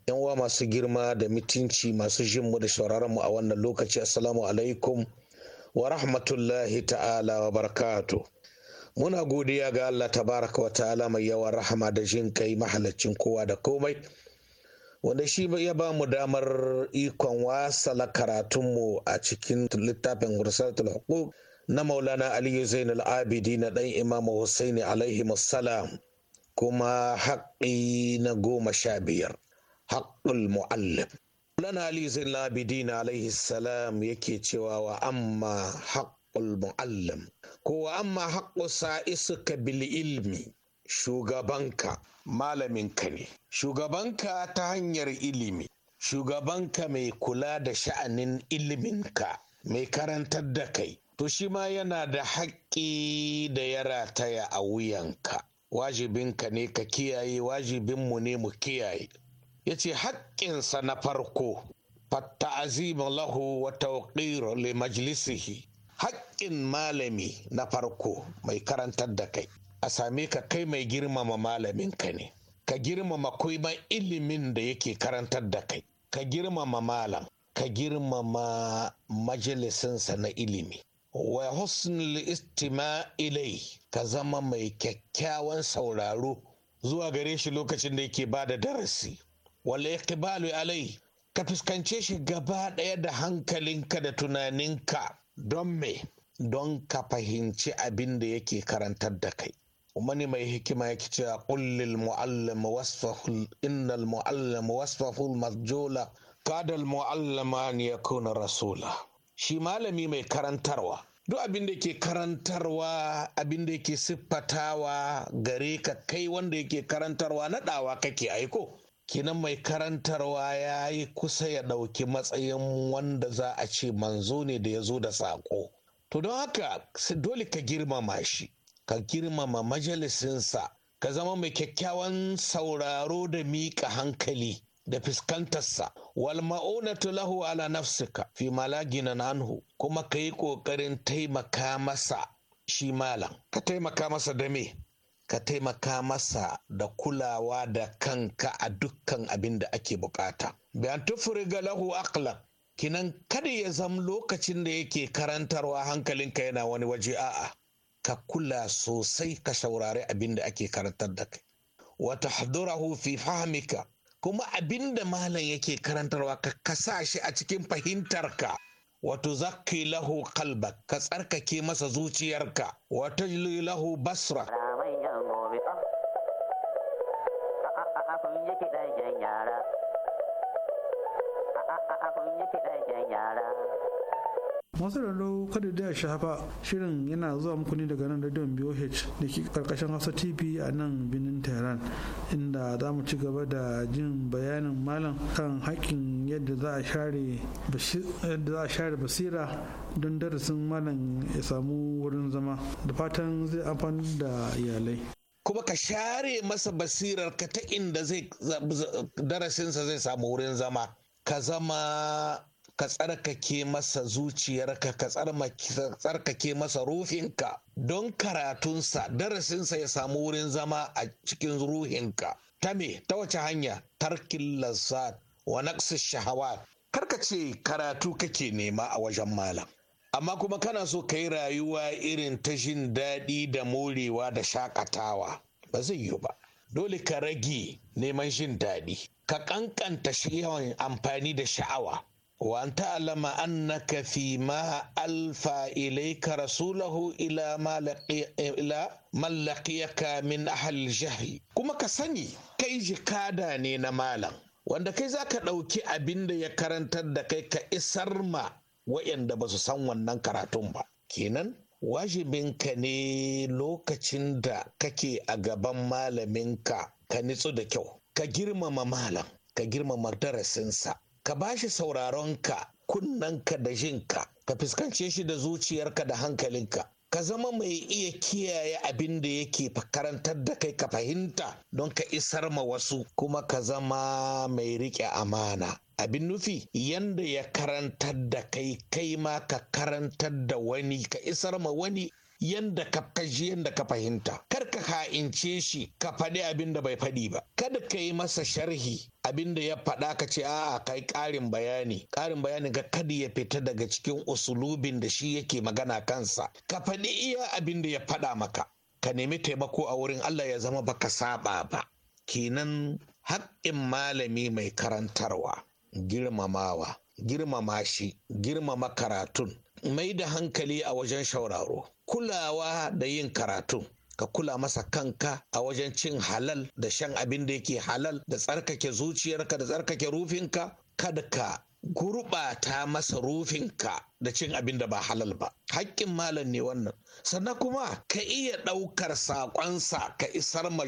yan uwa masu girma da mutunci masu jinmu da shauraron mu a wannan lokaci assalamu alaikum wa rahmatullahi ta'ala wa barakatu muna godiya ga Allah tabaraka wa ta'ala mai yawan rahama da jin kai mahalaccin kowa da komai wanda shi ya ba mu damar ikon wasala karatunmu a cikin littafin gursatul hukuk na maulana aliyu zainul abidi na dan imam Hussaini alaihi kuma haƙƙi na goma sha biyar haqqul mu'allif lana lizin labidin alaihi salam yake cewa wa amma haqqul mu'allim ko wa amma haqqu sa'isuka bil ilmi shugabanka malaminka ne shugabanka ta hanyar ilimi shugabanka mai kula da sha'anin iliminka mai karantar da kai to yana da haƙƙi da ya rataya a wuyanka wajibinka ne ka kiyaye wajibinmu ne mu kiyaye ya ce haƙƙinsa na farko fatta'azimu lahu wa tawqir le majlisihi haƙƙin malami na farko mai karantar da kai a same ka kai mai girmama malamin ka ne ka girmama koiman ilimin da yake karantar da kai ka girmama malam ka girmama majalisinsa na ilimi wa husnul istima ilai ka zama mai kyakkyawan sauraro zuwa gare shi lokacin da yake ba da darasi wala iqbalu alai ka fuskance shi gaba ɗaya da hankalinka da tunaninka don me don ka fahimci abin da yake karantar da kai wani mai hikima yake cewa kullil mu'allama wasfahul innal mu'allama wasfahul majula kadal mu'allama an yakuna rasula shi malami mai karantarwa duk abin da ke karantarwa abin da ke siffatawa gare ka kai wanda yake karantarwa naɗawa kake aiko kinan mai karantarwa ya yi kusa ya ɗauki matsayin wanda za a ce manzo ne da ya zo da saƙo to don haka dole ka girmama shi ka girmama majalisinsa ka zama mai kyakkyawan sauraro da miƙa hankali da fuskantarsa wal ma'unatu lahu ala nafsika fi malaginan anhu kuma ka yi ƙoƙarin taimaka masa shi malam ka taimaka masa da me ka taimaka masa da kulawa da kanka a dukkan abin da ake bukata. Bayan ga lahu aqlan kinan kada ya zama lokacin da yake karantarwa hankalinka yana wani waje a'a ka kula sosai ka saurari abin da ake karantar da kai. Wa tahdurahu fi fahmika kuma abin da malam yake karantarwa ka kasa shi a cikin fahimtarka. wato zaki lahu kalba ka tsarkake masa zuciyarka Wata lahu basra kun yi kiɗan yara. A kun masu kada da shafa shirin yana zuwa muku ne daga nan radion boh da ke karkashin hausa tv a nan birnin tehran inda za mu ci gaba da jin bayanin malam kan hakkin yadda za a share basira don darasin malam ya samu wurin zama da fatan zai amfani da iyalai kuma ka share masa basirar ka ta inda zai darasinsa zai samu wurin zama ka zama ka tsarkake masa zuciyarka ka tsarkake masa ruhinka don karatunsa darasinsa ya samu wurin zama a cikin ruhinka ta me ta wace hanya tarkin lazzat wa naqsi shahawat karka ce karatu kake nema a wajen malam amma kuma kana so ka yi rayuwa irin ta jin daɗi da morewa da shakatawa ba zai yiwu ba dole ka rage neman jin daɗi ka ƙanƙanta shi yawan amfani da sha'awa wa an na annaka fi ma alfa ilayka rasulahu ila ma ila min ahal jahi kuma ka sani kai jikada ne na malam wanda kai za ka ɗauki abinda ya karantar da kai ka isar ma waɗanda ba su san wannan karatun ba kenan wajibinka ne lokacin da kake a gaban malaminka ka nitsu da kyau ka girmama malam ka girmama darasinsa ka ba bashi sauraronka kunnanka da jinka ka fuskance shi da zuciyarka da hankalinka ka zama mai iya kiyaye abin da yake karantar da kai ka fahimta don ka isar ma wasu kuma ka zama mai riƙe amana abin nufi yanda ya karantar da kai kai ma ka karantar da wani ka isar ma wani yanda ka kaji yanda ka fahimta kar ka ha'ince shi ka faɗi abin da bai faɗi ba kada ka yi masa sharhi abin da ya faɗa ka ce a'a kai ƙarin bayani ƙarin bayani ka kada ya fita daga cikin usulubin da shi yake magana kansa ka faɗi iya abin da ya faɗa maka ka nemi taimako a wurin Allah ya zama baka saba ba kenan haƙƙin malami mai karantarwa girmamawa girmama shi girmama karatun mai da hankali a wajen shauraro kulawa da yin karatun ka kula masa kanka a wajen cin halal da shan abin da yake halal da tsarkake zuciyarka da tsarkake rufinka kada ka gurɓata masa rufinka da cin abin da ba halal ba hakkin malam ne wannan sannan kuma ka iya ɗaukar saƙonsa ka isar ma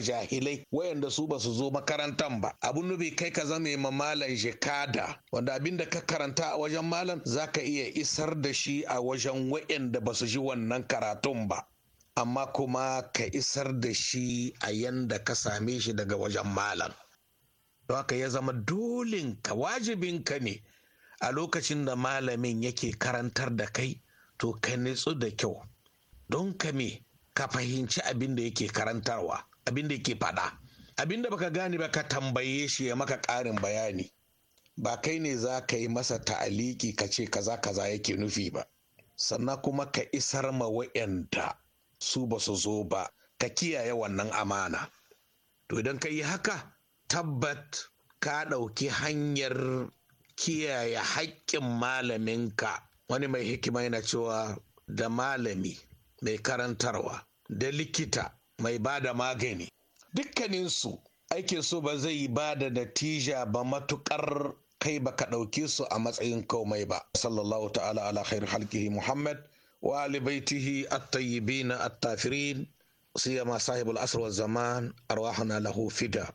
wayanda su ba su zo makarantan ba abin nufi kai ka zama ma malam jikada wanda abin da ka karanta a wajen malam za ka iya isar da shi a wajen wayanda ba su ji wannan karatun ba amma kuma ka isar da shi a yanda ka same shi daga wajen malam don haka ya zama dolinka wajibinka ne a lokacin da malamin yake karantar da kai to ka nitsu da kyau don ka me ka fahimci abin da yake karantarwa abin da yake faɗa abin da baka gane ba ka tambaye shi ya maka ƙarin bayani ba kai ne za ka yi masa ta'aliki ka ce kaza kaza yake nufi ba sannan kuma ka isar ma wa'yanda su ba su zo ba ka kiyaye wannan amana to idan ka yi haka tabbat ka ɗauki hanyar kiyaye haƙƙin malaminka wani mai hikima yana cewa da malami mai karantarwa da likita mai ba da magani dukkaninsu aikin su ba zai ba da natija ba matuƙar kai ba ka ɗauke su a matsayin komai ba sallallahu ta'ala ala khairu halkihi muhammad wa alibaitihi baitihi at-tayyibin at-tafirin siyama sahibul asr wa zaman arwahuna lahu fida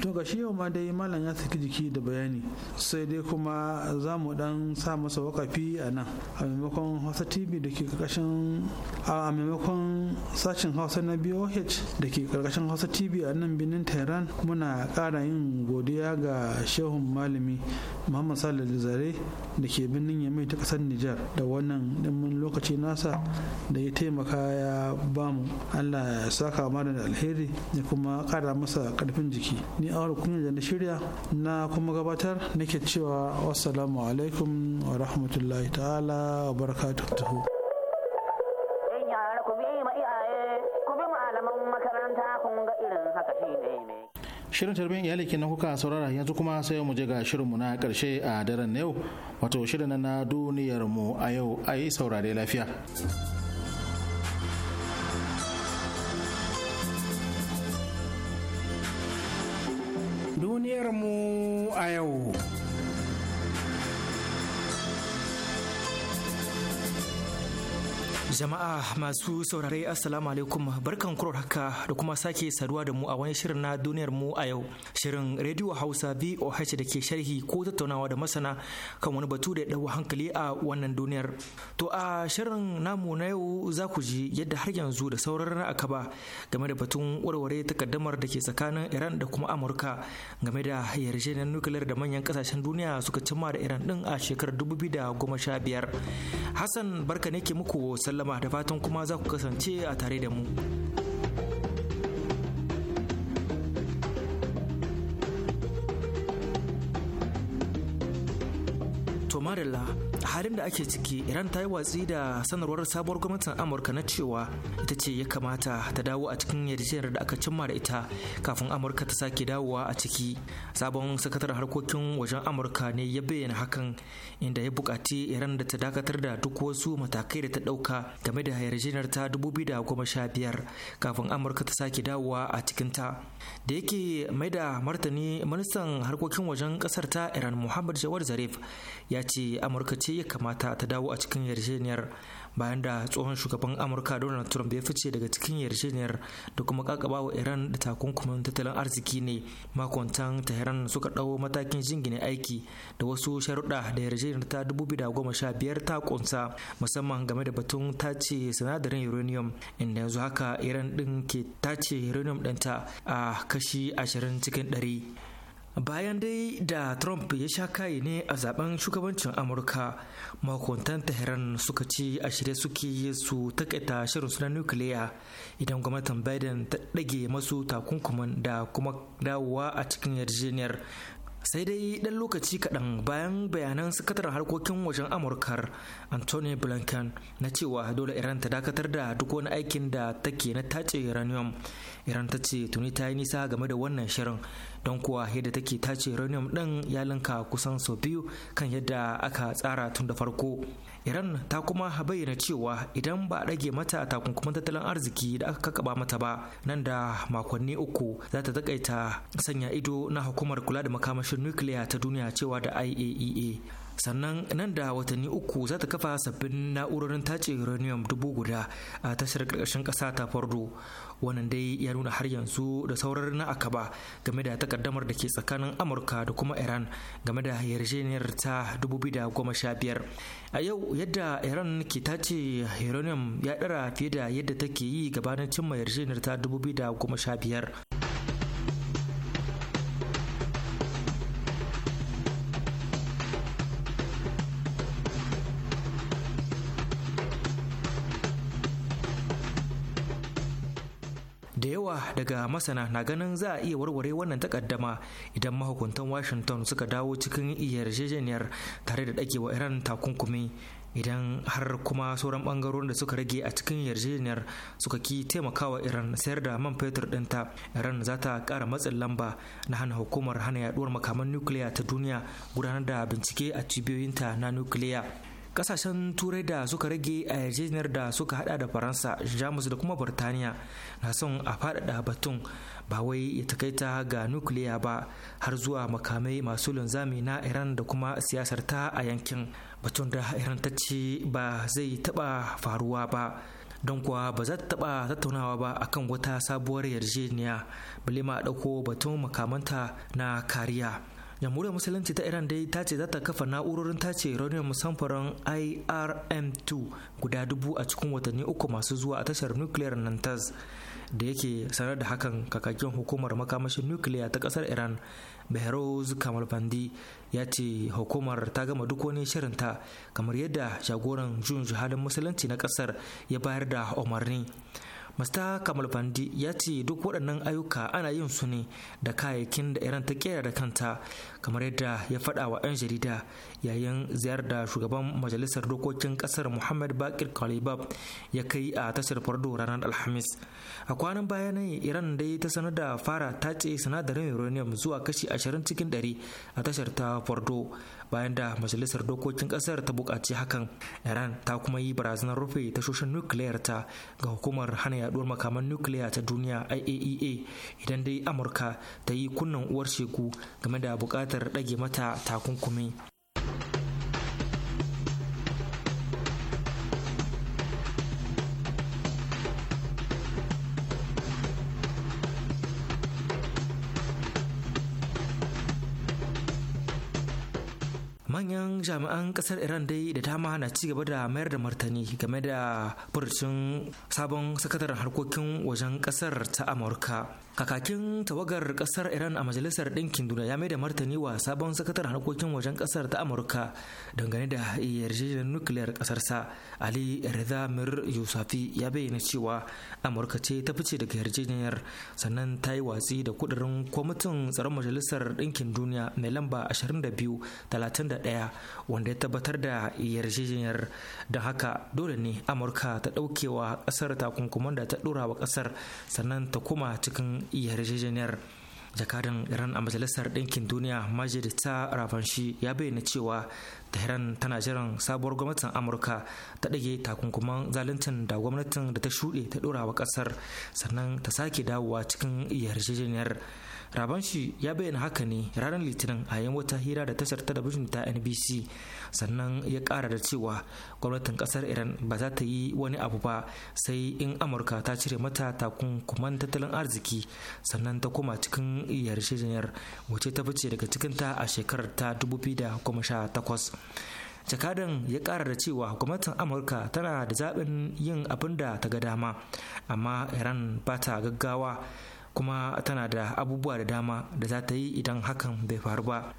to ga shi yau ma dai malam ya saki jiki da bayani sai dai kuma za mu dan sa masa wakafi a nan a maimakon hausa tv da ke karkashin a maimakon sashen hausa na boh da ke karkashin hausa tv a nan birnin tehran muna kara yin godiya ga shehun malami muhammad salih zare da ke birnin yamai ta kasar nijar da wannan dimin lokaci nasa da ya taimaka ya bamu allah ya saka mana da alheri da kuma kara masa karfin jiki ni ni awar kunya da na shirya na kuma gabatar nake cewa wassalamu alaikum wa rahmatullahi ta'ala wa barakatuhu Shirin tarbiyyar iyali na kuka saurara yanzu kuma sai mu je ga shirinmu na karshe a daren na yau wato shirin na duniyarmu a yau a yi saurare lafiya. mu a yau. Jama'a masu saurare Assalamu alaikum barkan kurar haka da kuma sake saduwa da mu a wani shirin na duniyar mu a yau. Shirin Radio Hausa VOH da ke sharhi ko tattaunawa da masana kan wani batu da ya dawo hankali a wannan duniyar. To a shirin namu na yau za ku ji yadda har yanzu da sauran akaba game da batun warware takaddamar da ke tsakanin Iran da kuma Amurka game da yarjejeniyar nukiliyar da manyan kasashen duniya suka cimma da Iran din a shekarar dubu sha biyar Hassan barka ne ke muku sallah sallama da fatan kuma za ku kasance a tare da mu. To madalla halin da ake ciki iran ta yi watsi da sanarwar sabuwar gwamnatin amurka na cewa ita ce ya kamata ta dawo a cikin yarjejeniyar da aka cimma da ita kafin amurka ta sake dawowa a ciki sabon sakataren harkokin wajen amurka ne ya bayyana hakan inda ya bukaci iran da ta dakatar da duk wasu matakai da ta ɗauka game da yarjejeniyar ta dubu biyu da sha biyar kafin amurka ta sake dawowa a cikin ta da yake mai da martani ministan harkokin wajen kasar ta iran muhammad jawar zarif ya ce amurka ce ce ya kamata ta dawo a cikin yarjejeniyar bayan da tsohon shugaban amurka donald trump ya fice daga cikin yarjejeniyar da kuma kakaba wa iran da takunkumin tattalin arziki ne makontan tehran suka dawo matakin jingine aiki da wasu sharuɗa da yarjejeniyar ta dubu da sha biyar ta kunsa musamman game da batun tace sinadarin uranium inda yanzu haka iran din ke tace uranium ɗinta a kashi ashirin cikin ɗari. bayan dai da trump ya sha kayi ne a zaben shugabancin amurka makontan tehran suka ce a shirye suke su takaita shirin na nukiliya idan gwamnatin biden ta ɗage masu takunkumin da kuma dawowa a cikin yarjejeniyar sai dai ɗan lokaci kaɗan bayan bayanan sakataren harkokin wajen amurkar anthony blinken na cewa dole iran ta dakatar da duk wani aikin da take na tace uranium iran ta ce tuni ta yi nisa game da wannan shirin don kuwa yadda take tace uranium ɗin ya linka kusan sau biyu kan yadda aka tsara tun da farko iran ta kuma bayyana cewa idan ba a dage mata takunkuman tattalin arziki da aka kakaba mata ba nan da makonni uku za ta takaita sanya ido na hukumar kula da makamashin nukiliya ta duniya cewa da iaea e sannan nan da watanni uku za ta kafa sabbin na'urorin tace uranium dubu guda a tashar karkashin ƙasa ta fardo wannan dai ya nuna har yanzu da saurar na akaba game da takaddamar da ke tsakanin amurka da kuma iran game da yarjejeniyar ta 2015 a yau yadda iran ke tace uranium ya dara fiye da yadda take yi gabanin cimma yarjejeniyar ta 2015 daga masana na ganin za a iya warware wannan takaddama idan mahukuntan washington suka dawo cikin yarjejeniyar tare da dakewa iran takunkumi idan har kuma sauran bangarorin da suka rage a cikin yarjejeniyar suka ki taimakawa iran sayar da man fetur dinta iran za ta kara matsin lamba na hana hukumar hana yaduwar makaman nukiliya ta duniya gudanar da bincike a cibiyoyinta na nukiliya kasashen turai da suka rage a yarjejeniyar da suka hada da faransa jamus da kuma burtaniya na son a faɗaɗa batun ba wai ya takaita ga nukiliya ba har zuwa makamai masu linzami na iran da kuma siyasar ta a yankin batun da iran ta ce ba zai taɓa faruwa ba don kuwa ba za ta taɓa tattaunawa ba akan wata sabuwar yarjejeniya balima a ɗauko batun makamanta na kariya jamhuriyar musulunci ta iran dai ta ce za ta kafa na'urorin tace uranium samfuran irm2 guda dubu a cikin watanni uku masu zuwa a tashar nukiliyar nantas da yake sanar da hakan kakakin hukumar makamashin nukiliya ta kasar iran behrouz kamal ya ce hukumar ta gama duk wani shirinta kamar yadda jagoran jun halin musulunci na kasar ya bayar da umarni Mr. Kamal Bandi ya ce duk waɗannan ayyuka ana yin su ne da kayayyakin da Iran ta kera da kanta kamar yadda ya faɗa wa 'yan jarida yayin ziyar da shugaban majalisar dokokin ƙasar Muhammad Bakir Kalibab ya kai a tashar Fardo ranar Alhamis. A kwanan baya ne Iran dai ta sanar da fara tace sinadarin uranium zuwa kashi 20 cikin 100 a tashar ta Fardo bayan da majalisar dokokin kasar ta buƙaci hakan iran ta kuma yi barazanar rufe tashoshin nukiliyar ta ga hukumar hana yaduwar makaman nukiliya ta duniya iaea e idan dai amurka ta yi kunnen uwar shegu game da buƙatar ɗage mata takunkumi jami'an kasar iran dai da dama na ci gaba da mayar da martani game da furucin sabon sakataren harkokin wajen kasar ta amurka kakakin tawagar kasar iran a majalisar ɗinkin duniya ya mai da martani wa sabon sakatar harkokin wajen kasar ta amurka dangane da yarjejeniyar nukiliyar sa, ali reza mir yusafi ya bayyana cewa amurka ce ta fice daga yarjejeniyar sannan ta yi watsi da kudirin kwamitin tsaron majalisar ɗinkin duniya mai lamba 22-31 wanda ya tabbatar da yarjejeniyar da haka dole ne amurka ta ɗaukewa kasar takunkuman da ta ɗora wa kasar sannan ta koma cikin yarjejeniyar jakadan iran a majalisar ɗinkin duniya majid ta rafanshi ya bayyana cewa tehran tana jiran sabuwar gwamnatin amurka ta ɗage takunkuman zaluncin da gwamnatin da ta shuɗe ta ɗora wa ƙasar sannan ta sake dawowa cikin yarjejeniyar rabanshi ya bayyana haka ne ranar litinin a yin wata hira da tashar talabijin ta nbc sannan ya kara da cewa gwamnatin kasar iran ba za ta yi wani abu ba sai in amurka ta cire mata takunkuman tattalin arziki sannan ta koma cikin yarjejeniyar wace ta fice daga cikin ta a shekarar ta 2018 jakadan ya kara da cewa gwamnatin amurka tana da zaɓin yin abin da ta ga dama amma iran ba ta gaggawa kuma tana da abubuwa da dama da za ta yi idan hakan bai faru ba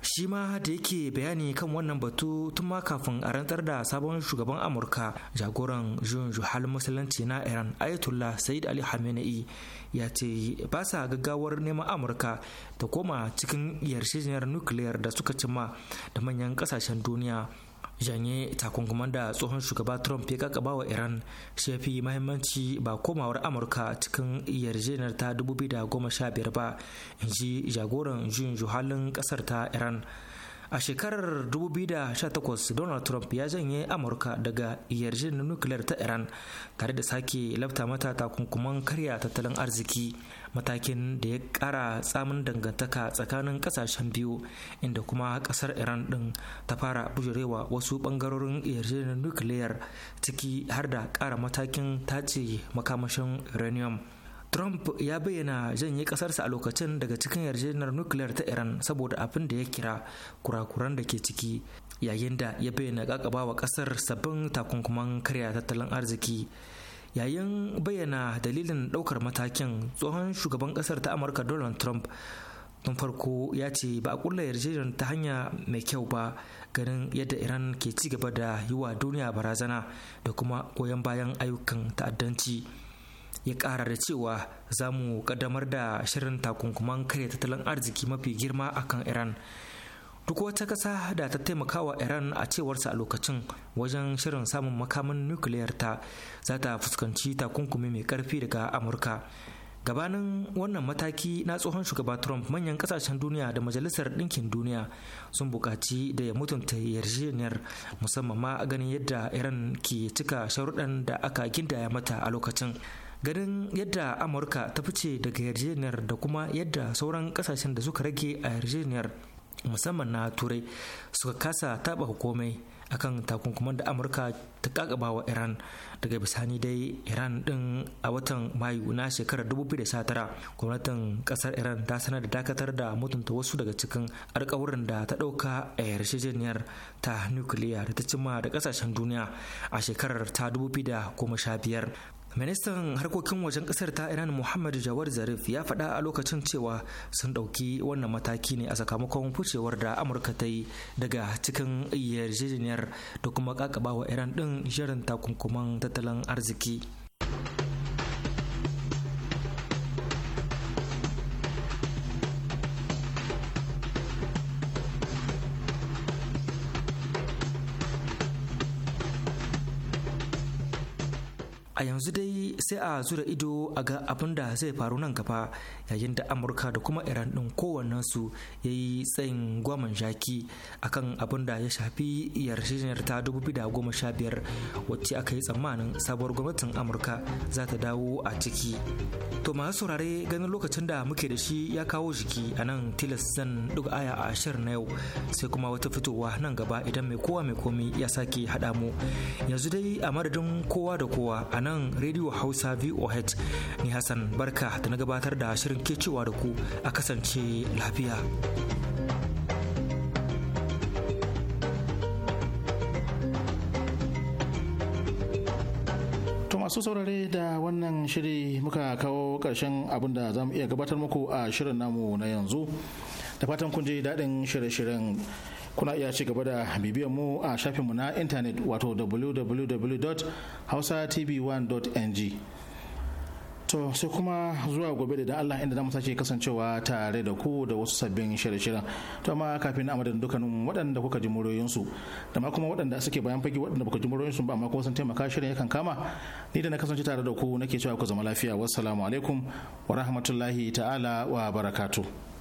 shi ma da yake bayani kan wannan batu tun ma kafin a rantsar da sabon shugaban amurka jagoran jun juhal musulunci na iran ayatollah said ali hamenei ya ce ba sa gaggawar neman amurka ta koma cikin yarjejeniyar nukiliyar da suka cima da manyan kasashen duniya janye takunkuman da tsohon shugaba trump ya kakaba wa iran shi fi mahimmanci ba komawar amurka cikin yarjejeniyar ta 2015 ba in ji jagoran juyin juhalin kasar ta iran a shekarar 2018 donald trump ya janye amurka daga yarjejeniyar nukiliyar ta iran tare da sake lafta mata takunkuman karya tattalin arziki matakin da ya kara tsamin dangantaka tsakanin kasashen biyu inda kuma kasar iran din ta fara bujurewa wasu bangarorin yarjejeniyar nukiliyar ciki har da kara matakin tace makamashin uranium Trump ya bayyana janye kasarsa a lokacin daga cikin yarjejeniyar nukiliyar ta Iran saboda abin da ya kira kurakuran da ke ciki yayin da ya bayyana kakaba wa kasar sabbin takunkuman karya tattalin arziki yayin bayyana dalilin ɗaukar matakin tsohon shugaban ƙasar ta amurka donald trump tun farko ya ce ba a kulla yarjejen ta hanya mai kyau ba ganin yadda iran ke ci gaba da yi wa duniya barazana da kuma goyon bayan ayyukan ta'addanci ya ƙara da cewa za mu ƙaddamar da shirin takunkuman karya tattalin arziki mafi girma akan iran duk wata ƙasa da ta taimaka wa iran a cewarsa a lokacin wajen shirin samun makamin nukiliyar ta za ta fuskanci takunkumi mai ƙarfi daga amurka gabanin wannan mataki na tsohon shugaba trump manyan kasashen duniya da majalisar ɗinkin duniya sun buƙaci da ya mutunta yarjejeniyar musamman ma ganin yadda iran ke cika sharuɗan da aka gindaya mata a lokacin ganin yadda amurka ta fice daga yarjejeniyar da kuma yadda sauran kasashen da suka rage a yarjejeniyar musamman na turai suka kasa taba hukumai akan takunkuman da amurka ta kakaba wa iran daga bisani dai iran din a watan mayu na shekarar 2019 gwamnatin kasar iran ta sanar da dakatar da mutunta wasu daga cikin alkawarin da ta dauka a yarjejeniyar ta nukiliya da ta cimma da kasashen duniya a shekarar ta 2015 ministan harkokin wajen kasar ta iran muhammad jawar zarif ya faɗa a lokacin cewa sun ɗauki wannan mataki ne a sakamakon fucewar da amurka ta yi daga cikin yarjejeniyar da kuma ƙaƙabawa iran ɗin shirin takunkuman tattalin arziki a yanzu dai sai a zura ido a ga abin da zai faru nan gaba yayin da amurka da kuma iran din kowannensu ya yi tsayin gwaman jaki akan abin da ya shafi yarjejeniyar ta sha biyar wacce aka yi tsammanin sabuwar gwamnatin amurka za ta dawo a ciki to masu saurare ganin lokacin da muke da shi ya kawo jiki a nan tilas zan duk aya a ashir na yau sai kuma wata fitowa nan gaba idan mai kowa mai komi ya sake haɗa mu yanzu dai a madadin kowa da kowa a nan Radio Hausa VOH ni Hassan barka da na gabatar da shirin ke cewa da ku a kasance lafiya. masu saurare da wannan shiri muka kawo karshen abin da za mu iya gabatar muku a shirin namu na yanzu da fatan kun ji daɗin shirye-shiryen kuna iya ci gaba da bibiyar mu a shafin mu na intanet wato www.hausatv1.ng to sai kuma zuwa gobe da Allah inda za mu sake kasancewa tare da ku da wasu sabbin shirye-shiryen to amma kafin na amadin dukkanin waɗanda kuka ji muryoyinsu da ma kuma waɗanda suke bayan fage waɗanda kuka ji muryoyinsu ba amma kuma sun taimaka shirin yakan kama ni da na kasance tare da ku nake cewa ku zama lafiya wassalamu alaikum wa rahmatullahi ta'ala wa barakatuh